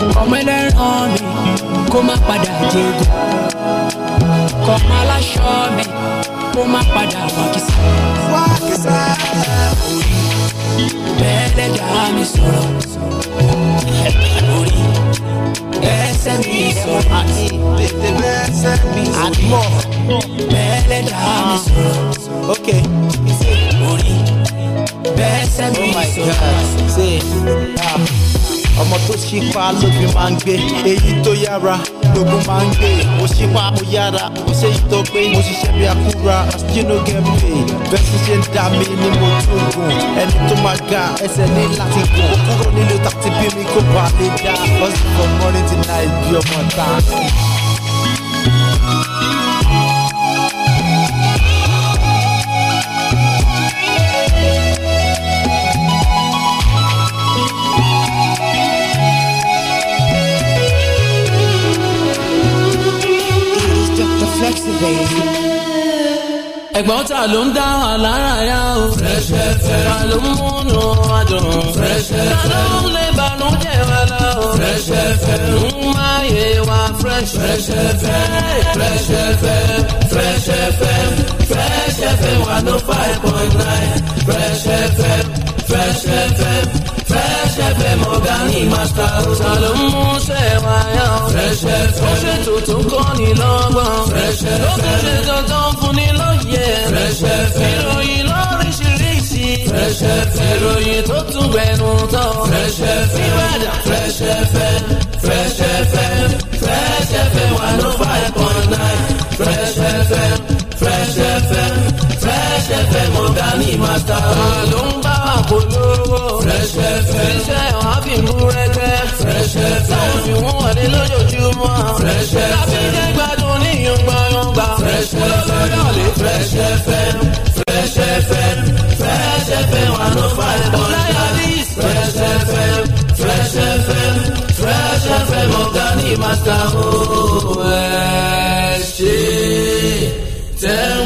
ọmọ ẹlẹ́ran mi kó má padà jẹ́gùn kọ́mọ aláṣọ mi kó má padà wákìsà. wákìsà orí bẹ́ẹ̀lẹ̀ dá mi sọ̀rọ̀ orí ẹsẹ̀ mi sọ̀rọ̀ àti tètè bẹ́ẹ̀sẹ̀ mi sọ̀rọ̀ bẹ́ẹ̀lẹ̀ dá mi sọ̀rọ̀ ok orí bẹ́ẹ̀sẹ̀ mi oh sọ̀rọ̀ ọmọ tó ṣípa lóbi máa ń gbé èyí tó yára lógun máa ń gbé mo ṣípa mo yára mo ṣe yìí tó pé mo ṣiṣẹ́ bí akúra stino gẹ́mpe bẹ́ẹ̀ ṣe ń dà mí ni mo tún gùn ẹni tó máa ga ẹsẹ̀ ní láti gùn ó kúrò nílùú tàbí bí mi kó bá lè dá ọ̀sìn for morning till night bí ọmọ ta. ẹ̀gbọ́n ta ló ń dá wa lára yá o. Fresh FM. ta ló ń múnú wa dùn. Fresh FM. ta ló ń lé balùwẹ̀ wa lọ. Fresh FM. ń máa yé wa Fresh. Fresh FM. Fresh FM. Fresh FM. Fresh fm one oh five point nine fresh fm fresh fm fresh fm ọ̀gá ní màtà ọ̀sán ló ń mú sẹ́wà yọ. fresh fm ó ṣe tuntun kọ́ ni lọ́gbọ̀n. fresh fm lókè ṣe dandan fún ni lóye. fresh fm ìròyìn lóríṣiríṣi. fresh fm ìròyìn tó tún gbẹnu tán. fresh fm ìbàdàn fresh fm. Tell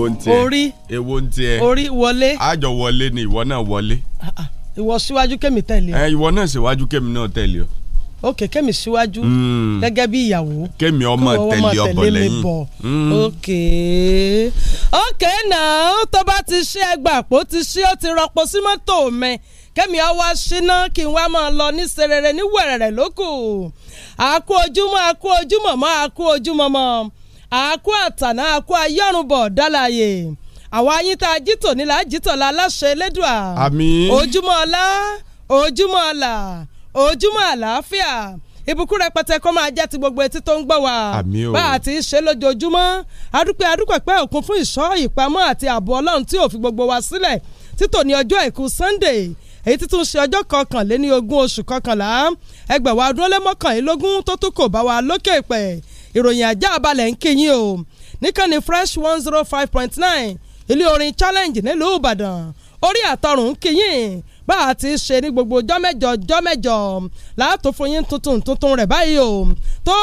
èwo ń tiẹ̀ orí èwo ń tiẹ̀ orí wọlé àjọ wọlé ni ìwọ náà wọlé. Ah, ah. ìwọ síwájú kẹ́mi tẹ̀lé. ẹ ìwọ náà síwájú kẹ́mi náà tẹ̀lé o. ok kẹ́mi síwájú hmm. gẹ́gẹ́ bí ìyàwó kẹ́mi ọmọ tẹ̀lé ọbọ lẹ́yìn hmm. ok ok náà tó bá ti ṣe ẹgbàá pò ti ṣe ó ti rọpò sí mọ́tò mẹ́ kẹ́mi ọwọ́ ṣínà kí n wá máa lọ ní serere ní wẹ̀rẹ̀rẹ̀ lókù àkú ojúmọ́ àkú ojúmọ́ mọ́ àkú ojúmọ́ mọ́ àákú àtàná àákú ayọ́rùnbọ̀ dálàyè àwa yín tá a jí tòní la á jí tọ̀la aláṣẹ elédùà àmín ojúmọ́ ọlá ojúmọ́ ọlà ojúmọ́ àlàáfíà ìbùkún rẹpẹtẹ kó máa jẹ́ ti gbogbo etí tó ń gbọ́ wa bá a ti ṣe lójoojúmọ́ adúpẹ́ adúpẹ́pẹ́ òkun fún ìṣọ́ ìpamọ́ àti ààbò ọlọ́run tí ò gbogbo wa sílẹ̀ títò ní ọjọ́ àìkú Sunday èyí tí tún ṣe ọjọ́ kọkànléní ogún oṣù kọkànlá ẹgbẹ̀wá ọdún ó lé mọ́kànlélógún tó tún kò bá wa lókè pẹ̀ ìròyìn ajá balẹ̀ ń kí yín o níkànnì fresh one zero oh five point nine ilé orin challenge nílùú ìbàdàn orí àtọrùn ń kí yín bá a ti ṣe ní gbogbo jọ́mẹ́jọ jọ́mẹ́jọ láàtò fún yín tuntun tuntun rẹ̀ báyìí o tó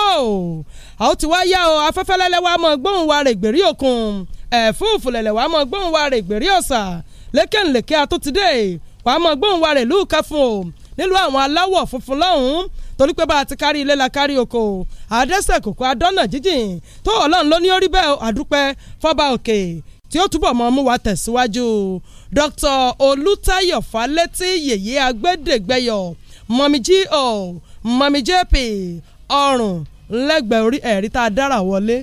a ó ti wá yá o afẹ́fẹ́ lẹ́lẹ́ wa mọ̀ gbóhùn wa rè gbèrí òkun ẹ̀fúùfù lẹ̀lẹ̀ wa mọ̀ gbóhùn wa rè gbèrí ọ̀sà lékèǹlékè àtúntìdé wa mọ̀ gbóhùn wa rè lùkà fún o nílùú àwọn aláwọ̀ funfun lọ́hùn-ún torí pé bá a ti kárí ilé la kárí oko àdẹ́sẹ̀ kòkó adọ́nà jíjìn tó ọlọ́run ló ní orí bẹ́ẹ̀ àdúpẹ́ fọ́ba òkè tí ó túbọ̀ mọ́ mú wa tẹ̀síwájú Dr. Olùtayọ̀ Fálétí yèyé agbẹ́dẹ́gbẹ́yọ̀ mọ̀mí G.O. mọ̀mí J.P. ọ̀rùn lẹ́gbẹ̀ẹ́ orí ẹ̀rí tá a dára wọlé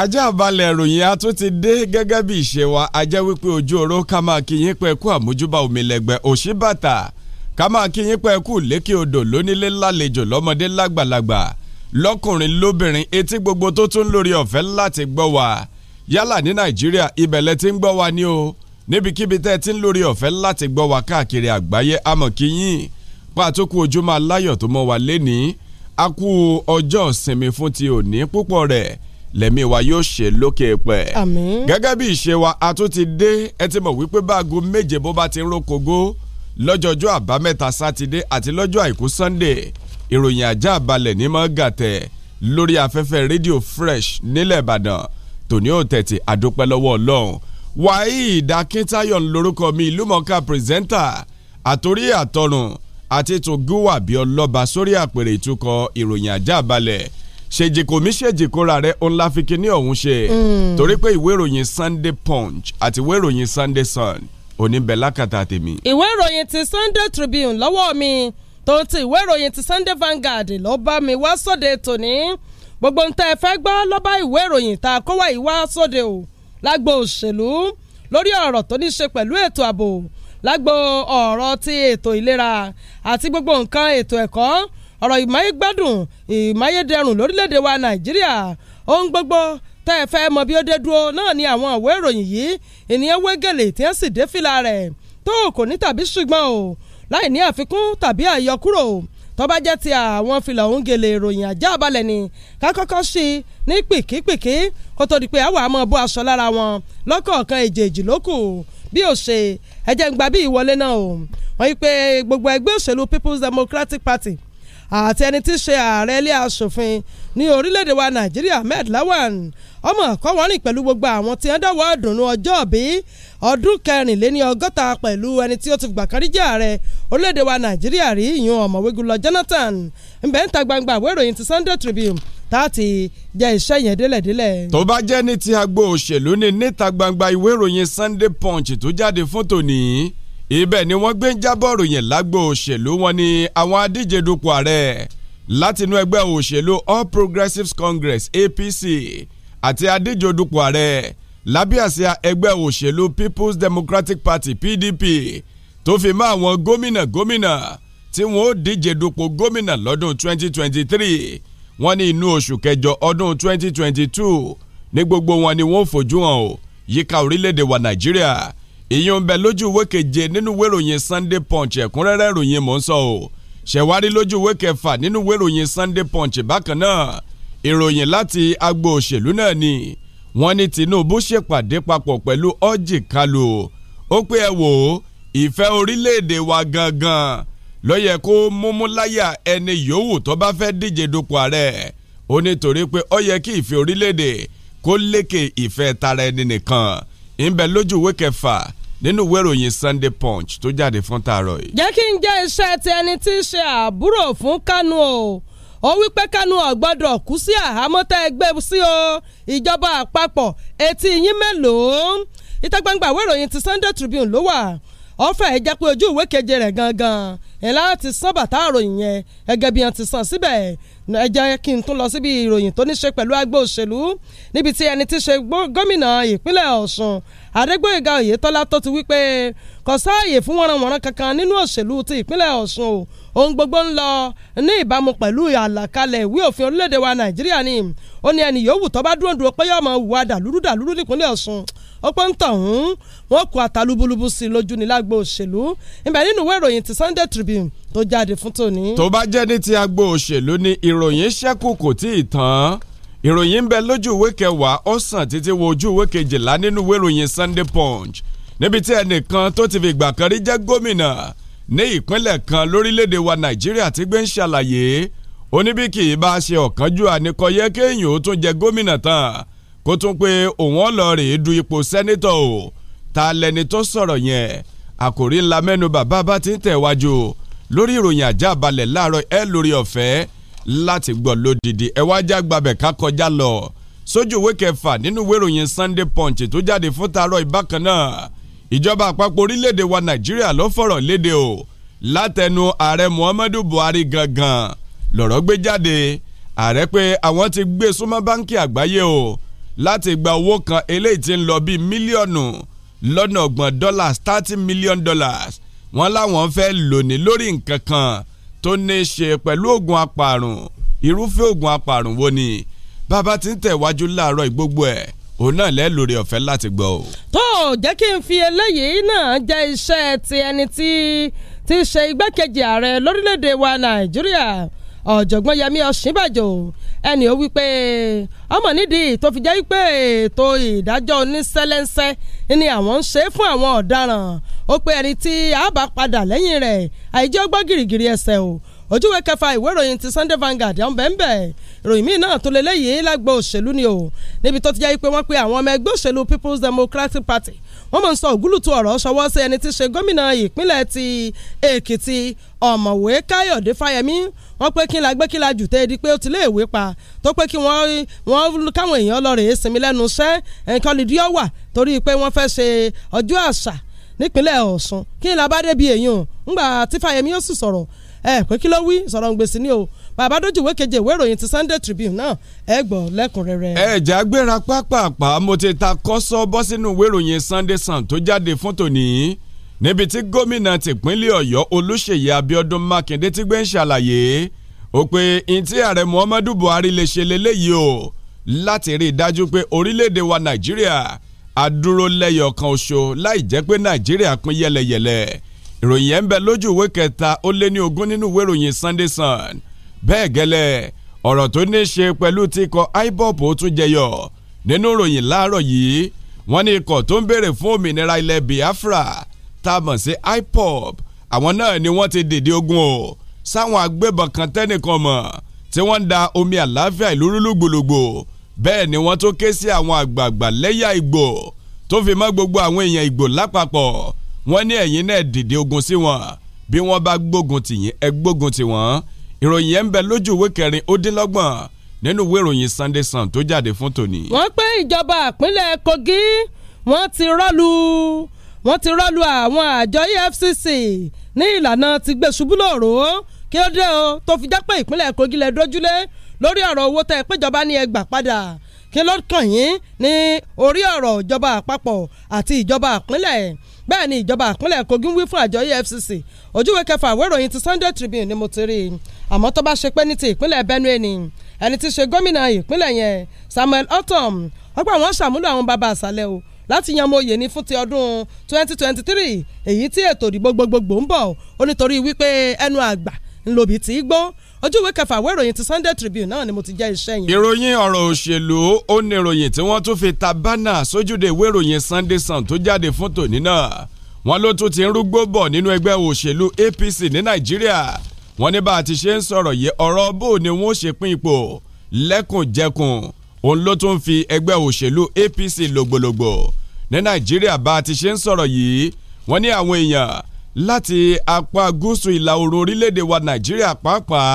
ajá balẹ̀ ìròyìn a tún ti dé gẹ́gẹ́ bí ìṣe wa ajẹ́ wípé ojú oró ká máa kí yín pẹ́ kú àmójúbà òmìlẹ̀gbẹ́ òṣìbàtà ká máa kí yín pẹ́ kú lékè odò lónílé lálejò lọ́mọdé lágbàlagbà lọ́kùnrin lóbìnrin etí gbogbo tó tún lórí ọ̀fẹ́ láti gbọ́ wa yálà ní nàìjíríà ibẹ̀lẹ̀ tí ń gbọ́ wa ni o níbikíbi tẹ́ ẹ ti ń lórí ọ̀fẹ́ láti gbọ́ wa káàkiri àgbáyé àmọ́ kí yín pàtókù ojúmọ́ aláyọ̀ tó mọ́ wa lénìí a kú ọjọ́ ìsinmi fún ti òní púpọ̀ rẹ̀ lẹ́mí wa yóò ṣe lókè pẹ̀. àmín. gẹ́gẹ́ bí ìṣe wa a tún ti dé ẹ ti mọ̀ wípé báago méje bó bá ti ń rókogó lọ́jọ́jọ́ àbámẹ́ta sátidé àti lọ́jọ́ àìkú sunday ìròyìn ajá balẹ̀ ní mọ́gàtẹ̀ lórí afẹ́fẹ́ rédíò fresh nílẹ̀ ìbàdàn tòní ò tẹ̀tì àdópẹ́ lọ́wọ́ ọlọ́run waheed akintayo lorúkọ mi ìlúmọ̀ọ́ká pírẹsẹ́ńtà àtòrí àtọrùn àti tògúwà bí ọlọ́ba sórí àpèrè ìtukọ̀ ìròyìn ajá balẹ̀ ṣèjìkò mi ṣèjìkò ra rẹ òun la fi kíní ọ̀hún ṣe mm. torí pé ìwé ìròyìn sunday punch àti ìwé ìròyìn sunday sun oníbẹ̀lákàtà tèmi. ìwé ìròyìn ti Sunday Tribune lọ́wọ́ mi tó ti ìwé ìròyìn ti Sunday Vanguard ló bá mi wá sóde tòní gbogbo ń tẹ́ ẹ fẹ́ gbọ́ ló bá ìwé ìròyìn tá kó wá ìwá sóde o lágbo òṣèlú lórí ọ̀rọ̀ tó ní ṣe pẹ̀lú ètò ààbò lágbo ọ̀rọ̀ ti ètò ìlera àti gbogbo nǹkan ètò ẹ̀kọ́ ọ̀rọ̀ ìmáyégbádùn ìmáyédẹrùn lórílẹ̀‐èdè wa Nàìjíríà ohun gbogbo tẹ́ ẹ fẹ́ mọ bí ó dé dúró náà ni àwọn ìwé ìròyìn yìí ènìyàn wé gèlè tí wọ́n sì dé fìlà rẹ̀ tó kò ní tàbí ṣùgbọ́n o láì ní àfikún tàbí àyọkúrò tó bá jẹ́ ti àwọn fìlà òun gèlè ìròyìn ajá balẹ̀ ni kákọ́kọ́ sí i ní pìkìpìkì kó tó di pé àwọn àmọ́ bó aṣọ lára wọn lọ́kọ̀ọ̀kan èjèèjì lókù bí ó ṣe ẹ̀jẹ̀ ń gbà bí ìwọlé náà o wọ́n yí pé gbogbo ẹgbẹ́ òṣèlú People's Democratic Party àti ẹni tí í ṣe ààrẹ ilé asòfin ní orílẹ̀-èdè wa nàìjíríà ahmed lawan ọmọ kọ́wọ́rìn pẹ̀lú gbogbo àwọn tí wọ́n dáwọ́ dùnú ọjọ́ bí ọdún kẹrìnléní ọgọ́ta pẹ̀lú ẹni tí ó ti gbà kan rí jẹ́ ààrẹ orílẹ̀-èdè wa nàìjíríà rí ìyún ọ̀mọ̀wé gulọ jonathan ńbẹ́ ń ta gbangba àwọn ìròyìn ti sunday tribune táàtì jẹ́ iṣẹ́ yẹn délẹ̀délẹ̀. tó bá jẹ́ ní ti agbó òṣèlú ni níta gbangba ìwé ìròyìn sunday punch tó jáde fún tòní ibẹ̀ ni wọ́n gbé ń jábọ̀ ròyìn lágbo òṣèlú wọn ni àwọn adíje dupò ààrẹ látinú ẹgbẹ́ òṣèlú All Progressives Congress APC àti adíje dupò ààrẹ lábẹ́ àsíá ẹgbẹ́ òṣèlú People's Democratic Party PDP tó fi mọ́ àwọn gómìnà gómìnà tí wọ́n ó díje dupò gómìnà lọ́dún 2023 wọ́n ní inú oṣù kẹjọ ọdún 2022 ní gbogbo wọn ni wọ́n fojú hàn ó yíká orílẹ̀-èdè wa Nàìjíríà ìyẹn ń bẹ lójú ìwé keje nínú ìwé ìròyìn Sunday Punch ẹ̀kúnrẹ́rẹ́ ìròyìn mò ń sọ o ṣẹ̀wárí lójú ìwé kẹfà nínú ìwé ìròyìn Sunday Punch bákan náà ìròyìn láti agbo òṣèlú náà ni wọ́n ní Tinubu ṣèpàdé papọ̀ pẹ̀lú Orji Kalu ó pé ẹ wò ó ìfẹ́ orílẹ̀-èdè wa gangan ló yẹ kó múmúláyà ẹni yòówù tó bá fẹ́ díje dupò ààrẹ ó nítorí pé ó yẹ kí ìfẹ́ orílẹ̀-èdè kó lékè ìfẹ́ tara ẹni nìkan ń bẹ lójú ìwé kẹfà nínú ìwé ìròyìn Sunday Punch tó jáde fún tààrọ̀ yìí. jẹ́ kí n jẹ́ iṣẹ́ ti ẹni tí í ṣe àbúrò fún Kánú o ó wí pé Kánú ò gbọ́dọ̀ kú sí àhámọ́ tẹ́ ẹ gbé sí o ìjọba àpapọ̀ etí yín mélòó ìta ìwé ìròyìn ti Sunday Tribune ló wà ọ̀fẹ́ ẹ̀ jẹ́ pé ojú ìwé keje rẹ̀ gangan ẹ̀ láti sán bàtà àròyìn yẹn ẹgẹ́ bí wọ́n ti sàn síbẹ̀ ẹ jẹ́ kí n tún lọ síbi ìròyìn tó ní ṣe pẹ̀lú agbo òṣèlú níbi tí ẹni tí ṣe gómìnà ìpínlẹ̀ Ọ̀ṣun Adégbóyèga Oyètọ́lá tó ti wí pé kò sáàyè fún wọ́nranwọ̀nran kankan nínú òṣèlú ti ìpínlẹ̀ Ọ̀ṣun o ohun gbogbo ń lọ ní ìbámu pẹ̀lú àlàkalẹ̀ ìwé òfin orílẹ̀-èdè wa Nàìjíríà ni ó ní ẹni yòówù tó bá dúró dúró pé yóò máa wà dàlúrú dàlúrú nípínlẹ̀ Ọ̀ṣun ọpọ́n tọ̀hún wọn kó àtàlùbùlùbù sí lójú ní lágbo òṣèlú ìbẹ̀ nínú ìwé ìròyìn ti Sunday Tribune tó jáde fún tòní. tó bá jẹ́ ní ti agbo òṣèlú ni ìròyìn ṣẹ́kù kò tí ì tán ìròyìn ń bẹ lójú ìwé kẹwàá ó sàn títí wo ojú ìwé kejìlá nínú ìwé ìròyìn Sunday Punch níbi tí ẹnìkan tó ti fi ìgbà kan rí jẹ́ gómìnà ní ìpínlẹ̀ kan lórílẹ̀‐èdè wa Nàìjíríà ti gbé ń ṣàlàyé oníbíkì bá ṣe ọ̀kánjúà ni kò kéèyàn ó tún jẹ gómìnà tán kó tún pé òun ọlọ́ọ̀rì du ipò sẹ́nítọ̀ o ta lẹni tó sọ̀rọ̀ yẹn àkòrí ńlá mẹ́nu bàbá bá ti ń tẹ̀wájú lórí ìròyìn àjá balẹ̀ láàárọ̀ ẹ lórí ọ̀fẹ́ láti gbọ́ lódìdí ẹ wá já gbàbẹ̀ ká kọjá lọ sójú ìwé kẹfà nínú ìwé ìròyìn Sunday Punch tó jáde fún taarọ̀ ìbákan náà ìjọba àpapọ̀ orílẹ̀-èdè wa Nàìjíríà ló fọ̀rọ̀ léde o látẹnu ààrẹ Muhammadu Buhari gangan lọ̀rọ̀ gbé jáde ààrẹ pé àwọn ti gbé súnmọ́ báńkì àgbáyé o láti gba owó kan eléyìí tí ń lọ bíi mílíọ̀nù lọ́nà ọgbọ̀n dollars thirty million dollars wọ́n láwọn fẹ́ lò ní lórí nǹkan kan tó ní í ṣe pẹ̀lú oògùn apààrùn irúfẹ́ oògùn apààrùn wo ni bàbá ti ń tẹ̀wájú láàárọ̀ ìgbógbó ẹ̀ òun náà lẹ́ lórí ọ̀fẹ́ láti gbọ́ o. tó o jẹ́ kí n fi eléyìí náà jẹ́ iṣẹ́ ti ẹni tí ti ṣe igbákejì ààrẹ lórílẹ̀‐èdè wa nàìjíríà ọ̀jọ̀gbọ́n yẹmi ọ̀ṣínbàjò ẹnì ó wí pé ọmọ nídìí tó fi jẹ́ pé ètò ìdájọ́ oníṣẹ́lẹ́ńṣẹ́ ni àwọn ń ṣe fún àwọn ọ̀daràn ó pé ẹni tí a bá padà lẹ́yìn rẹ̀ àìjẹ́ ọgbọ́n gìrìgìrì ẹsẹ̀ o ojúwe kẹfà ìwé ìròyìn ti Sunday Vanguard ọ̀hún bẹ́ẹ̀ ìròyìn míì náà tó lélẹ́yìí lágbo òṣèlú ni o níbi tó ti jẹ́ pé wọ́n pe àwọn ọmọ ẹgbẹ́ òṣèlú People's Democratic Party wọ́n mọ̀ ń sọ ògúlùtù ọ̀rọ̀ ṣọwọ́ sí ẹni tí í ṣe gómìnà ìpínlẹ̀ ti Èkìtì ọ̀mọ̀wé Káyọ̀dé Fáyẹmí wọ́n pé kí n la gbé kí n la jù tẹ́ di pé ó ti lé ìwé pa tó pé kí wọ́n wọ́n káwọn èèyàn lọ rèé sinmi lẹ́nu iṣẹ́ nǹkan lìdí ọ̀wà torí pé wọ́n fẹ́ ṣe ọjọ́ àṣà nípínlẹ̀ Ọ̀ṣun kí n la bá débi èèyàn ńgbà tí Fáyẹmí yóò sì sọ̀rọ̀ ẹ pé kí ló wí sọ̀rọ̀ gbèsè ni o bàbá dojú ìwé keje ìwé ìròyìn ti Sunday Tribune náà ẹ gbọ́ lẹ́kùnrẹ́rẹ́. ẹ̀já gbéra pápápá mo ti ta kọ́sọ́ bọ́ sínú ìwé ìròyìn Sunday Sun tó jáde fún tòní níbi tí gómìnà tìpínlẹ̀ Ọ̀yọ́ Olúṣèyí Abíọ́dún Mákindé ti gbé ń ṣàlàyé ó pé ntí ààrẹ Muhammadu Buhari lè ṣe leléyìí o láti rí i dájú pé orílẹ̀-èdè wa Nàìjíríà adúró lẹ́yọ̀ kan oṣù láì jẹ́ pé Nàìjíríà pín yẹlẹyẹlẹ ìròyìn yẹn ń bẹ lójú ìwé kẹta ó lé ní ogún nínú ìwé ìròyìn Sunday Sun bẹ́ẹ̀ gẹ́lẹ́ ọ̀rọ̀ tó ní í ṣe pẹ̀lú ti ikọ̀ IPOB ó tún jẹyọ nínú ìròyìn láàárọ̀ yìí wọ́n ní ikọ̀ tó ń béèrè fún òmìnira ilẹ̀ Biafra tá a mọ̀ sí IPOB àwọn náà ni wọ́n ti dìde ogun o sáwọn agbébọn kan tẹ́nìkan mọ̀ tí wọ́n ń da omi àlàáfíà ìlú rúlú gbòlògbò bẹ́ẹ̀ ni wọ́n tó ké sí àwọn àgbààgbà lẹ́yà Ìgbò tó fi mọ́ gbogbo àwọn èèyàn Ìgbò lápapọ̀ wọ́n ní ẹ̀yin náà dìde ogun sí wọn bí wọ́n bá gbógun tì yín ẹ gbógun tì wọ́n ìròyìn yẹn ń bẹ lójú ìwé kẹrin ó dín lọ́gbọ̀n nínú ìwé ìròyìn Sunday Sun tó jáde fún tòní. wọ́n pé ìjọba ìpínlẹ̀ Kogi wọ́n ti rọ́lu wọ́n ti rọ́lu àwọn àjọ EFCC ní ìlànà ti gbé ṣubú lóòró kí ó dé o tó fi jápé ìpínlẹ̀ Kogi lẹ dójúlé lórí ọ̀rọ̀ owó tẹ́ ẹ péjọba ní ẹ gbà padà kí ló kàn yín ní orí ọ̀rọ̀ ìjọba àpapọ̀ àti ìjọba ìpínlẹ̀ bẹ́ẹ̀ ni ìjọba àpínlẹ̀ Kogi ń wí fún àjọ EFCC ojúwe kẹfà àwọn ti Sunday Tribune ni mo ti rí i àmọ́ tó bá ṣe pé ní ti ìpínlẹ̀ Benue ni ẹni tí ṣe gómìnà ìpínlẹ̀ yẹn Samuel Ortom ọgbà wọn ṣàmúlò àwọn bàbá àṣàlẹ̀ o láti yan mòye ní fún ti ọdún 2023 èyí tí ètò ìdìbò gbogbogbò ń bọ̀ ó nítorí wípé ẹnu àgbà ńlòbí tí í gbọ́ ojú ìwé kẹfà àwọn ìròyìn ti Sunday Tribune náà ni mo ti jẹ́ iṣẹ́ yìí. ìròyìn ọ̀rọ̀ òṣèlú ó ní ìròyìn tí wọ́n tún fi ta bánà sójúde ìwé ìròyìn Sunday Sun tó jáde fún tòní náà wọ́n ló tún ti ń rúgbó bọ̀ nínú ẹgbẹ́ òṣèlú APC ní Nàìjíríà wọ́n ní bá a ti ṣe ń sọ̀rọ̀ yìí ọ̀rọ̀ bò ni wọ́n ṣe pín ipò lẹ́kùnjẹkùn òun ló tún fi ẹgbẹ́ òṣèlú APC lògbòlògbò ní Nàìjíríà bá a ti ṣe ń sọ̀rọ̀ yìí wọ́n ní àwọn èèyàn láti apá gúúsù ìlà oòrùn orílẹ̀-èdè wa nàìjíríà pàápàá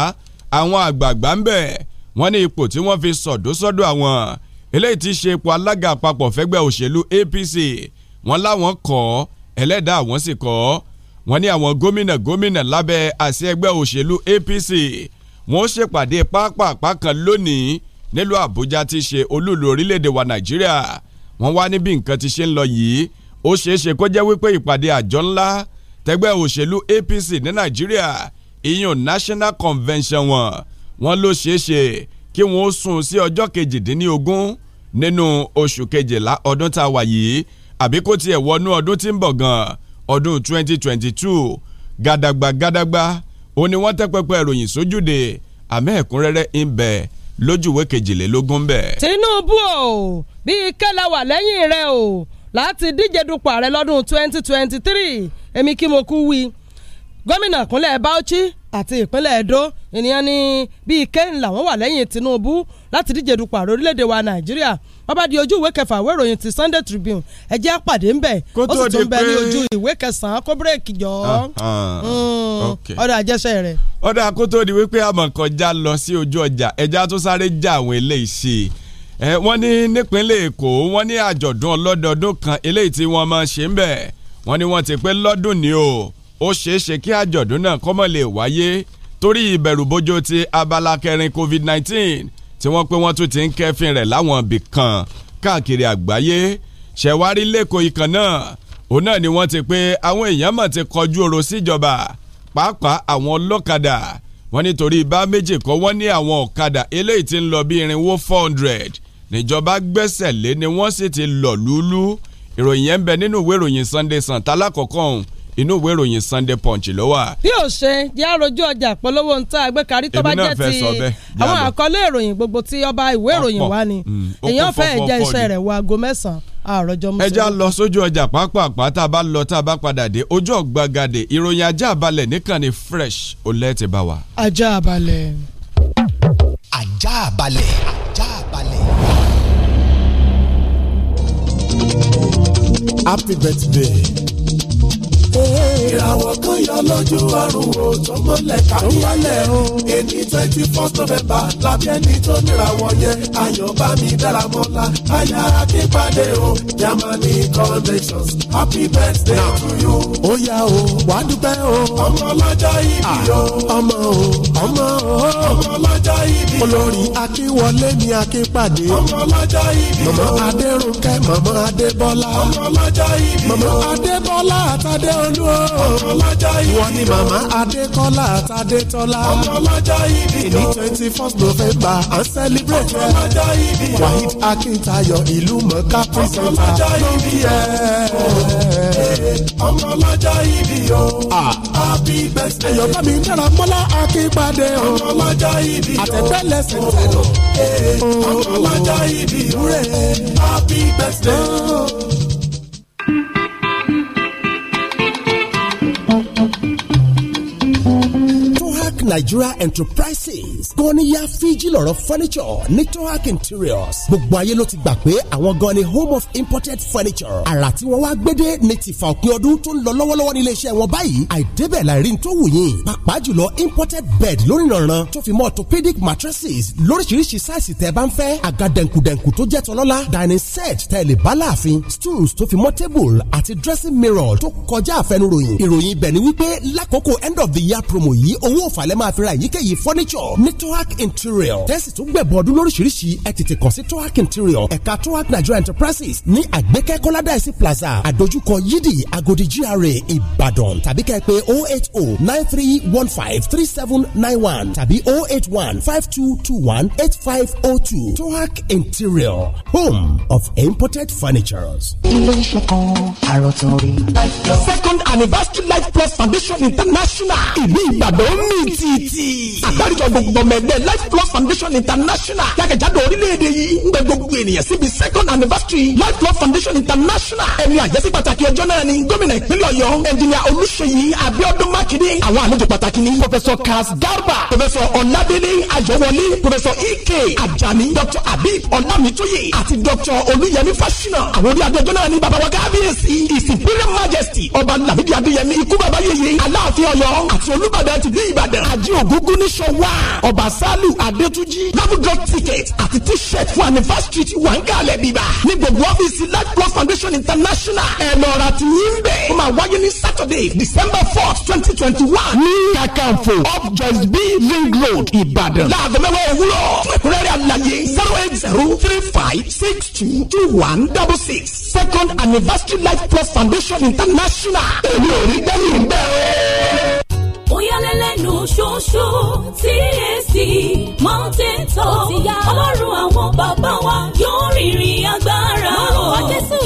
àwọn àgbààgbà ń bẹ̀ wọ́n ní ipò tí wọ́n fi sọ̀dọ́sọ́dọ̀ àwọn eléyìí ti ṣe ipò alága àpapọ̀ fẹ́gbẹ́ òṣèlú APC wọ́n láwọn kọ̀ ẹlẹ́dàá àwọn sì kọ̀ wọ́n ní àwọn gómìnà gómìnà lábẹ́ àṣẹ ẹgbẹ́ òṣèlú APC wọ́n ṣèpàdé pápá kan lónìí nílùú àbújá ti ṣe olúùlú orílẹ̀-èdè wa nàìjíríà wọ́n wá níbi nǹkan ti ṣe ń lọ yìí ó ṣeé kó jẹ́ wípé ìpàdé àjọ ńlá tẹgbẹ́ òṣèlú APC ní Nàìjíríà ìyún National Convention wọn wọn ló ṣeé ṣe kí wọn ó sún sí ọjọ́ kejìdínlógún nínú oṣù kejìlá ọdún tá a wà yìí àbí kó tiẹ̀ wọnú ọdún tí ń bọ̀ gan ọdún 2022 gàdàgbà gàdàgbà ó ní wọ́n tẹ́ pẹpẹ ìròyìn sójúde àmẹ́ ẹ̀kúnrẹ́rẹ́ ń bẹ lójúwé kejìlélógún bẹ́ẹ̀. Tinubu o bíi kẹlẹ wà lẹ́yìn rẹ o láti díje dupò ààrẹ lọ́dún 2023 èmi kí mo kú wí gómìnà ìpínlẹ̀ Bauchi àti ìpínlẹ̀ Edo ènìyàn ní bíi kẹ́hìn làwọn wà lẹ́yìn Tinubu láti díje dupò ààrẹ orílẹ̀-èdè wa Nàìjíríà wọ́n bá di ojú ìwé kẹfà àwọn ìròyìn ti Sunday Tribune ẹ jẹ́ àpàdé ń bẹ̀ ó sì tún bẹ ní ojú ìwé kẹsàn-án kó bírèkì jọ ah, ah, hmm. ọ̀dà àjẹsẹ̀ rẹ̀. ọ̀dà kó tó di wípé àmọ̀kọjá lọ sí ojú ọjà ẹja tó sáré já àwọn eléyìí ṣe wọ́n ní nípínlẹ̀ Èkó wọ́n ní àjọ̀dún ọlọ́dọọdún kan eléyìí tí wọ́n máa ṣe ń bẹ̀ wọ́n ní wọ́n ti pé lọ́dún ni o ó ṣeé ṣe kí àjọ̀dún náà kọ́mọ̀ lè wáyé torí ìbẹ̀rùbojo ti abala kẹrin COVID-19 tí wọ́n pé wọ́n tún ti ń kẹ́fìn rẹ̀ láwọn ibì káàkiri àgbáyé ṣẹ̀wárí lẹ́kọ̀ọ́ ikàn náà òun náà ni wọ́n ti pé àwọn èèyàn mọ̀ ti kọjú oro síjọba pàápàá àwọn ọlọ́kadà wọ́n nítorí bá méjì kọ́ wọ́n ní àwọn ọ̀kadà eléyìí ti ń lọ bí irinwó four hundred níjọba gbẹ́sẹ̀ lé ni wọ́n sì ti lọ lúlú ìròyìn yẹn ń bẹ nínú ìwé ìròyìn Sunday Sun tálákọ̀ọ́kọ́ ọ̀hún inú ìwé ìròyìn Sunday Punch ló wà. bí ó ṣe jẹ́ àròjù ọjà polówó ń ta àgbékarí tó bá jẹ́ ti àwọn àkọlé ìròyìn gbogbo tí ọba ìwé ìròyìn wa ni mm. èèyàn fẹ́ ẹ̀jẹ̀ iṣẹ́ rẹ̀ wọ aago mẹ́sàn-án àròjọ mọ́sán. ẹja lọ sójú ọjà pápápá tá a bá lọ tá a bá padà dé ojú ọ̀gbagadè ìròyìn ajá balẹ̀ nìkan ni fresh ó lẹ́ẹ̀tì bá wa. ajá balẹ̀. ajá balẹ̀. ajá balẹ̀. Happy birthday. ìràwọ̀ kan yọ lójú ọ̀run o tó mọ́lẹ̀ kárí o. èmi twenty first november lábí ẹni tó níràwọ̀ yẹn ayọ̀ mi dára mọ́lá aya akípadé o Germany connections happy birthday to you. ó yá o wà á dúpẹ́ o. ọmọ ọlọ́jọ́ ìbí o. Ah, ọmọ o ọmọ o. ọmọ ọlọ́jọ́ ìbí o. olórí akínwọlé ni akínpadé. ọmọ ọlọ́jọ́ ìbí o. mọ̀mọ́ adérúnkẹ́ mọ̀mọ́ adébọ́lá. ọmọ ọlọ́jọ́ ìbí o. mọ̀mọ́ adébọ́lá àtàdé olú o ọmọlájà ibi ìwọ ni màmá adékọ́lá àtàdétọ́lá ọmọlájà ibi ìjọ ní twenty first november à celebrate ẹ ọmọlájà ibi ìjọ wahid akintayo ìlú mọ̀ká pírísẹ̀ntà ló bí ẹ. ọmọlájà ibi o ah. happy birthday. ẹ̀yọ́ bá mi dára mọ́lá akínpadé o ọmọlájà ibi o àtẹ̀tẹ̀lẹsẹ̀ tẹ̀lọ. ọmọlájà ibi o happy birthday. Ah. Nigeria Enterprises gọ́níyà fíjì lọ́rọ̀ furniture ní Tohac Interiors gbogbo ayé ló ti gbà pé àwọn gan ni home of imported furniture àrà tí wọ́n wá gbédé ní tìfà òpin ọdún tó ń lọ lọ́wọ́lọ́wọ́ ní iléeṣẹ́ wọn báyìí àìdébẹ̀ láìrí tó wù yín pàápàá jùlọ imported bed lórí ìrànràn tó fi mọ́ orthopedic mattresses lóríṣiríṣi sáìsì tẹ́ bá ń fẹ́ àga dẹ̀nkùdẹ̀nkù tó jẹ́ tọ́lọ́lá dining set tẹ́ lè bá láàfin stools tó fi mọ́ table àti dressing mirror tó kọjá àfẹnuròyìn ìròyìn ibẹ̀ ni wípé lákòókò end of the year promo yìí owó òfàlẹ́m máa fi ra èyíkéyìí furniture ní tohac interior tẹ́sí tó gbẹ̀bọ̀ ọdún lóríṣiríṣi ẹ̀ tètè kàn sí tohac interior ẹ̀ka tohac nigeria enterprises ní àgbékẹ́ kọ́ládàísí plaza àdójúkọ yídì agodi gra ìbàdàn tàbí kẹ́ pé oh eight oh nine three one five three seven nine one tàbí oh eight one five two two one eight five oh two tohac interior home of imported furnitures. second anniversary life plus foundation international ìlú ìbàdàn meet. CCT. àgbáríjọ gbogbo mẹ́gbẹ́ life plus foundation international jákèjádò orílẹ̀-èdè yìí ń gbẹ gbogbo ènìyàn síbi second anniversary life plus foundation international ẹni àjẹsí pàtàkì ọjọ́ náà ni gómìnà ìpínlẹ̀ ọ̀yọ́ ẹnjìnìà olùṣeyí abiodun makinde àwọn àlejò pàtàkì ni professor kaz garba professor ọ̀nàdélé ayọ̀wọlé professor ike ajani dr abib ọ̀nàmítóyè àti dr olùyẹmí fásinà àwọn orí adéjọ́ náà ni bàbá wa kábíyèsí his imperial majesty ọba lamidi adéyẹmí ikú bàbá yèyé aláàfin ọ̀yọ́ àti olùbàdàn ti ní ìbàdàn alhaji ogungun ní sọwá ọba salu adetuji labudọ ticket àti t-shirt fún anniversary ti wà ń kalẹ̀ bíbá ní gbogbo ọ́fíìsì light blood foundation international ẹ̀ lọ́ra ti yín bẹ́ẹ̀ ó máa wáyé ní saturday december fourth twenty twenty one ní kakanfo up joyce b ring road ìbàdàn láago mẹ́wàá òwúrọ̀ fún ẹ̀kúnrẹ́rẹ́ àlàyé zero eight zero three five six two two one double six second anniversary Life plus foundation international èmi ò rí dẹ́yìn bẹ́ẹ̀ òyànlélẹ́nu ṣoṣo TSC mountain top ọlọ́run àwọn bàbá wa yóò rìnrìn agbára o